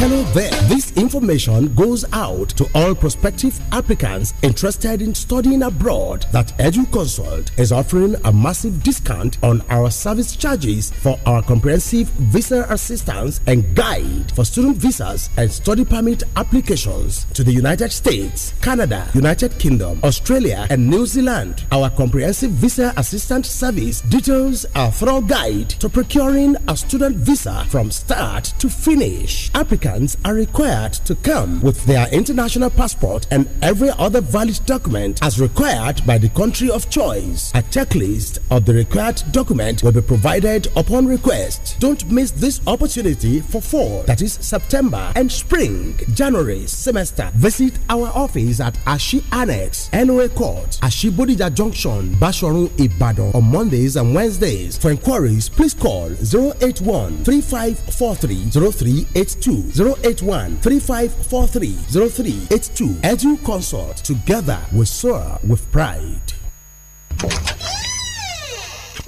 Hello there. This information goes out to all prospective applicants interested in studying abroad that EduConsult is offering a massive discount on our service charges for our comprehensive visa assistance and guide for student visas and study permit applications to the United States, Canada, United Kingdom, Australia, and New Zealand. Our comprehensive visa assistance service details a thorough guide to procuring a student visa from start to finish. Applicants applicants are required to come with their international passport and every other valid document as required by the country of choice. A checklist of the required document will be provided upon request. Don't miss this opportunity for fall, that is September and spring, January semester. Visit our office at Ashi Annex, NOA Court, Ashi Bodija Junction, Bashorun, Ibadan on Mondays and Wednesdays. For inquiries, please call 081 3543 0382 Zero eight one three five four three zero three eight two. 0382. Edu Consort. Together we soar with pride.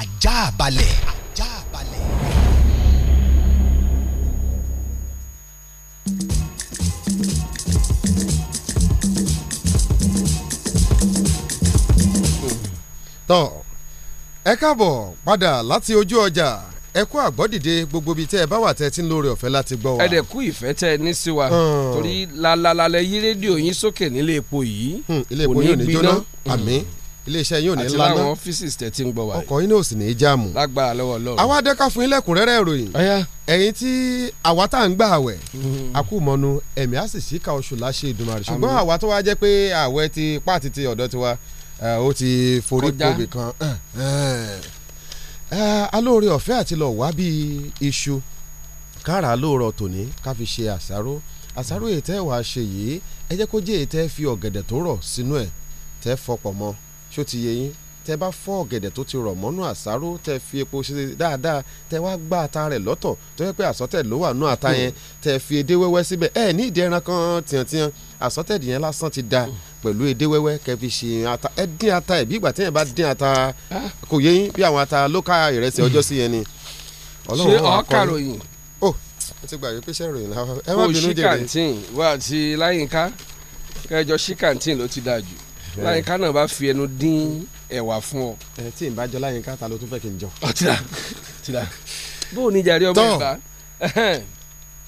ajá balẹ̀. ajá balẹ̀. tọ́ ẹ káàbọ̀ padà láti ojú ọjà ẹ kú àgbọ́dìde gbogbo ibi tẹ́ ẹ bá wà tẹ́ ẹ ti ń lóore ọ̀fẹ́ láti gbọ́ wa. ẹ dẹ̀ kú ìfẹ́ tẹ́ ẹ ní sí wa torí lalalalẹ̀ yí rédíò yín sókè nílé epo yìí. ilé epo yìí ní jóná àmín iléeṣẹ́ yóò ní lánà àti láwọn ọ́fíìsì tẹ̀ tí ń gbọ́ wa yìí ọkọ̀ yín náà ò sì ní í jáàmù. lágbára lọ́wọ́ lọ́wọ́. àwa dẹ́ka fún yín lẹ́kùnrẹ́rẹ́ ìròyìn ẹ̀yin tí àwa tá à ń gbà àwẹ̀ àkùmọ̀nu mm-hmm. ẹ̀mí á sì síkà oṣù láṣẹ Èdùmàrè ṣùgbọ́n àwa tó wá jẹ́ pé àwẹ̀ ti páàtì ti ọ̀dọ́ tiwa ó ti forí kobì kan alóore ọ̀fẹ́ àti lọ wá bíi iṣu kára lóòrọ̀ tòní ká fi ṣe àṣàrò àṣàrò ètẹ́ wàá ṣe yìí ẹ jẹ́ kó jẹ́ ètẹ́ fi ọ̀gẹ̀dẹ̀ tó rọ̀ sínú ẹ̀ tẹ́ fọpọ̀ mọ́ ṣó ti yẹ yín tẹ bá fọ́ ọ̀gẹ̀dẹ̀ tó ti rọ̀ mọ́nú àsáró tẹ fi epo ṣe dáadáa tẹ wá gbá ata rẹ̀ lọ́tọ̀ tó yẹ pé àsọtẹ̀ ló wà nú ata yẹn tẹ fi edé wẹ́wẹ́ síbẹ̀ ẹ ní ìdí ẹran kan tìyàntìyàn àsọtẹ̀ yẹn lásán ti da pẹ̀lú edé wẹ́wẹ́ kẹ fi ṣe ata ẹ dín ata ẹ bí ìgbà téèyàn bá dín ata kò yẹ yín bí àwọn ata lóka ìrẹsì ọjọ́ sí yẹn ni. ṣé ọkàròyìn. ó oh, ti gbàgbé pé sẹ́ròyìn làwọn ẹ má bínú jèrè láyínká náà bá fi ẹnu dín ẹ̀wà fún ọ. ẹ tí ì bá jọ láyínká ta ló tún fẹ́ kí n jọ. ọ tìlà tìlà bó o ní jàre ọmọ ìgbà.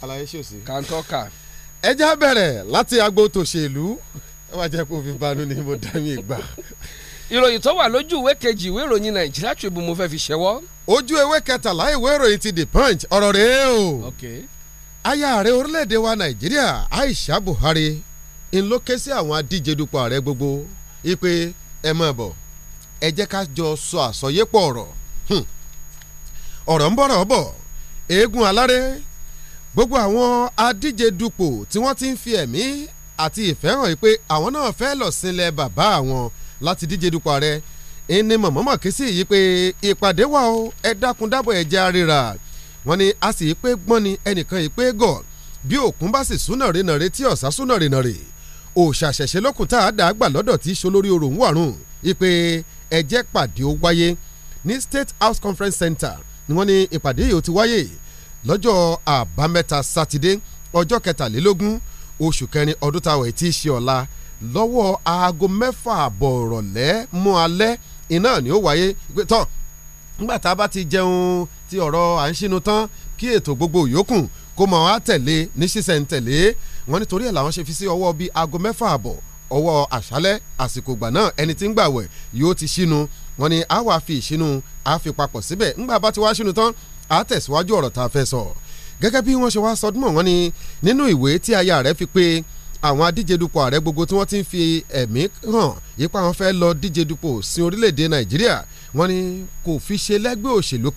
alaye ṣòsì. kàńtọ́kà. ẹja bẹ̀rẹ̀ láti agbo tòṣèlú ẹ wá jẹ́ kó fi banú ni mo dá mi gbà. ìròyìn tó wà lójú ìwé kejì ìwé ìròyìn nàìjíríà Tribune mo fẹ́ fi ṣẹ́wọ́. ojú ewé kẹtàlá ìwé ìròyìn ti The Punch ọ̀rọ̀ rèé o. Okay aya ààrẹ orílẹ̀-èdè wa nàìjíríà aisha buhari ń ló ké sí àwọn adíje dupò ààrẹ gbogbo ipe ẹ mọ̀ bọ̀ ẹ jẹ́ ká jọ sọ àsọyépọ̀ ọ̀rọ̀ hmm. ọ̀rọ̀ ń bọ̀rọ̀ bọ̀ eégún aláré gbogbo àwọn adíje dupò tí wọ́n ti ń fi ẹ̀mí àti ìfẹ́ hàn pé àwọn náà fẹ́ lọ sílẹ̀ bàbá àwọn láti díje dupò ààrẹ ẹni mọ̀mọ́mọ́ ké sí yìí pé ìpàdé wà ó ẹ dákun dábọ̀ ẹ jẹ́ àríra wọn ni a sì pé gbọ́n ni ẹnìkan yìí pé gọ̀ bí òkun bá sì súnà rè tí ọ̀sà súnà rè òṣàṣẹ̀ṣẹ̀ lókun tá a dàgbà lọ́dọ̀ tí solórí orò ń wọ̀rùn ìpè ẹ̀jẹ̀ pàdé ó wáyé ní State House Conference Center ni wọ́n ní ìpàdé yìí ó ti wáyé lọ́jọ́ àbámẹ́ta sátidé ọjọ́ kẹtàlélógún oṣù kẹrin ọdún táwọn ẹ̀ tí í ṣe ọ̀la lọ́wọ́ aago mẹ́fà àbọ̀ ìrọ̀lẹ́ mú alẹ́ iná ni ó wáyé tán nígbà tá a bá ti jẹun ti ọ̀rọ̀ à ń ṣínú tán kí ètò gbogbo yòókù kó mọ̀ á tẹ̀lé ní ṣísẹ̀ ń tẹ̀lé wọ́n nítorí ẹ̀ làwọn ṣe fi sí ọwọ́ bíi aago mẹ́fà àbọ̀ ọwọ́ àṣálẹ́ àsìkò ìgbà náà ẹni tí ń gbàwẹ̀ yóò ti ṣínu wọ́n ní a wàá fi ìṣínu a fi papọ̀ síbẹ̀ ńgbà bá ti wá ṣínu tán a tẹ̀síwájú ọ̀rọ̀ tá a fẹ́ sọ gẹ́gẹ́ bí wọ́n ṣe wá sọdúnmọ̀ wọ́n ní nínú ìwé tí aya rẹ̀ fi pé àwọn adíje dupò ààrẹ gbogbo tí wọ́n ti ń fi ẹ̀mí hàn yípa wọn fẹ́ lọ díje dupò sí orílẹ̀-èdè nàìjíríà wọ́n ní kò fi ṣe lẹ́gbẹ́ òṣèlú kan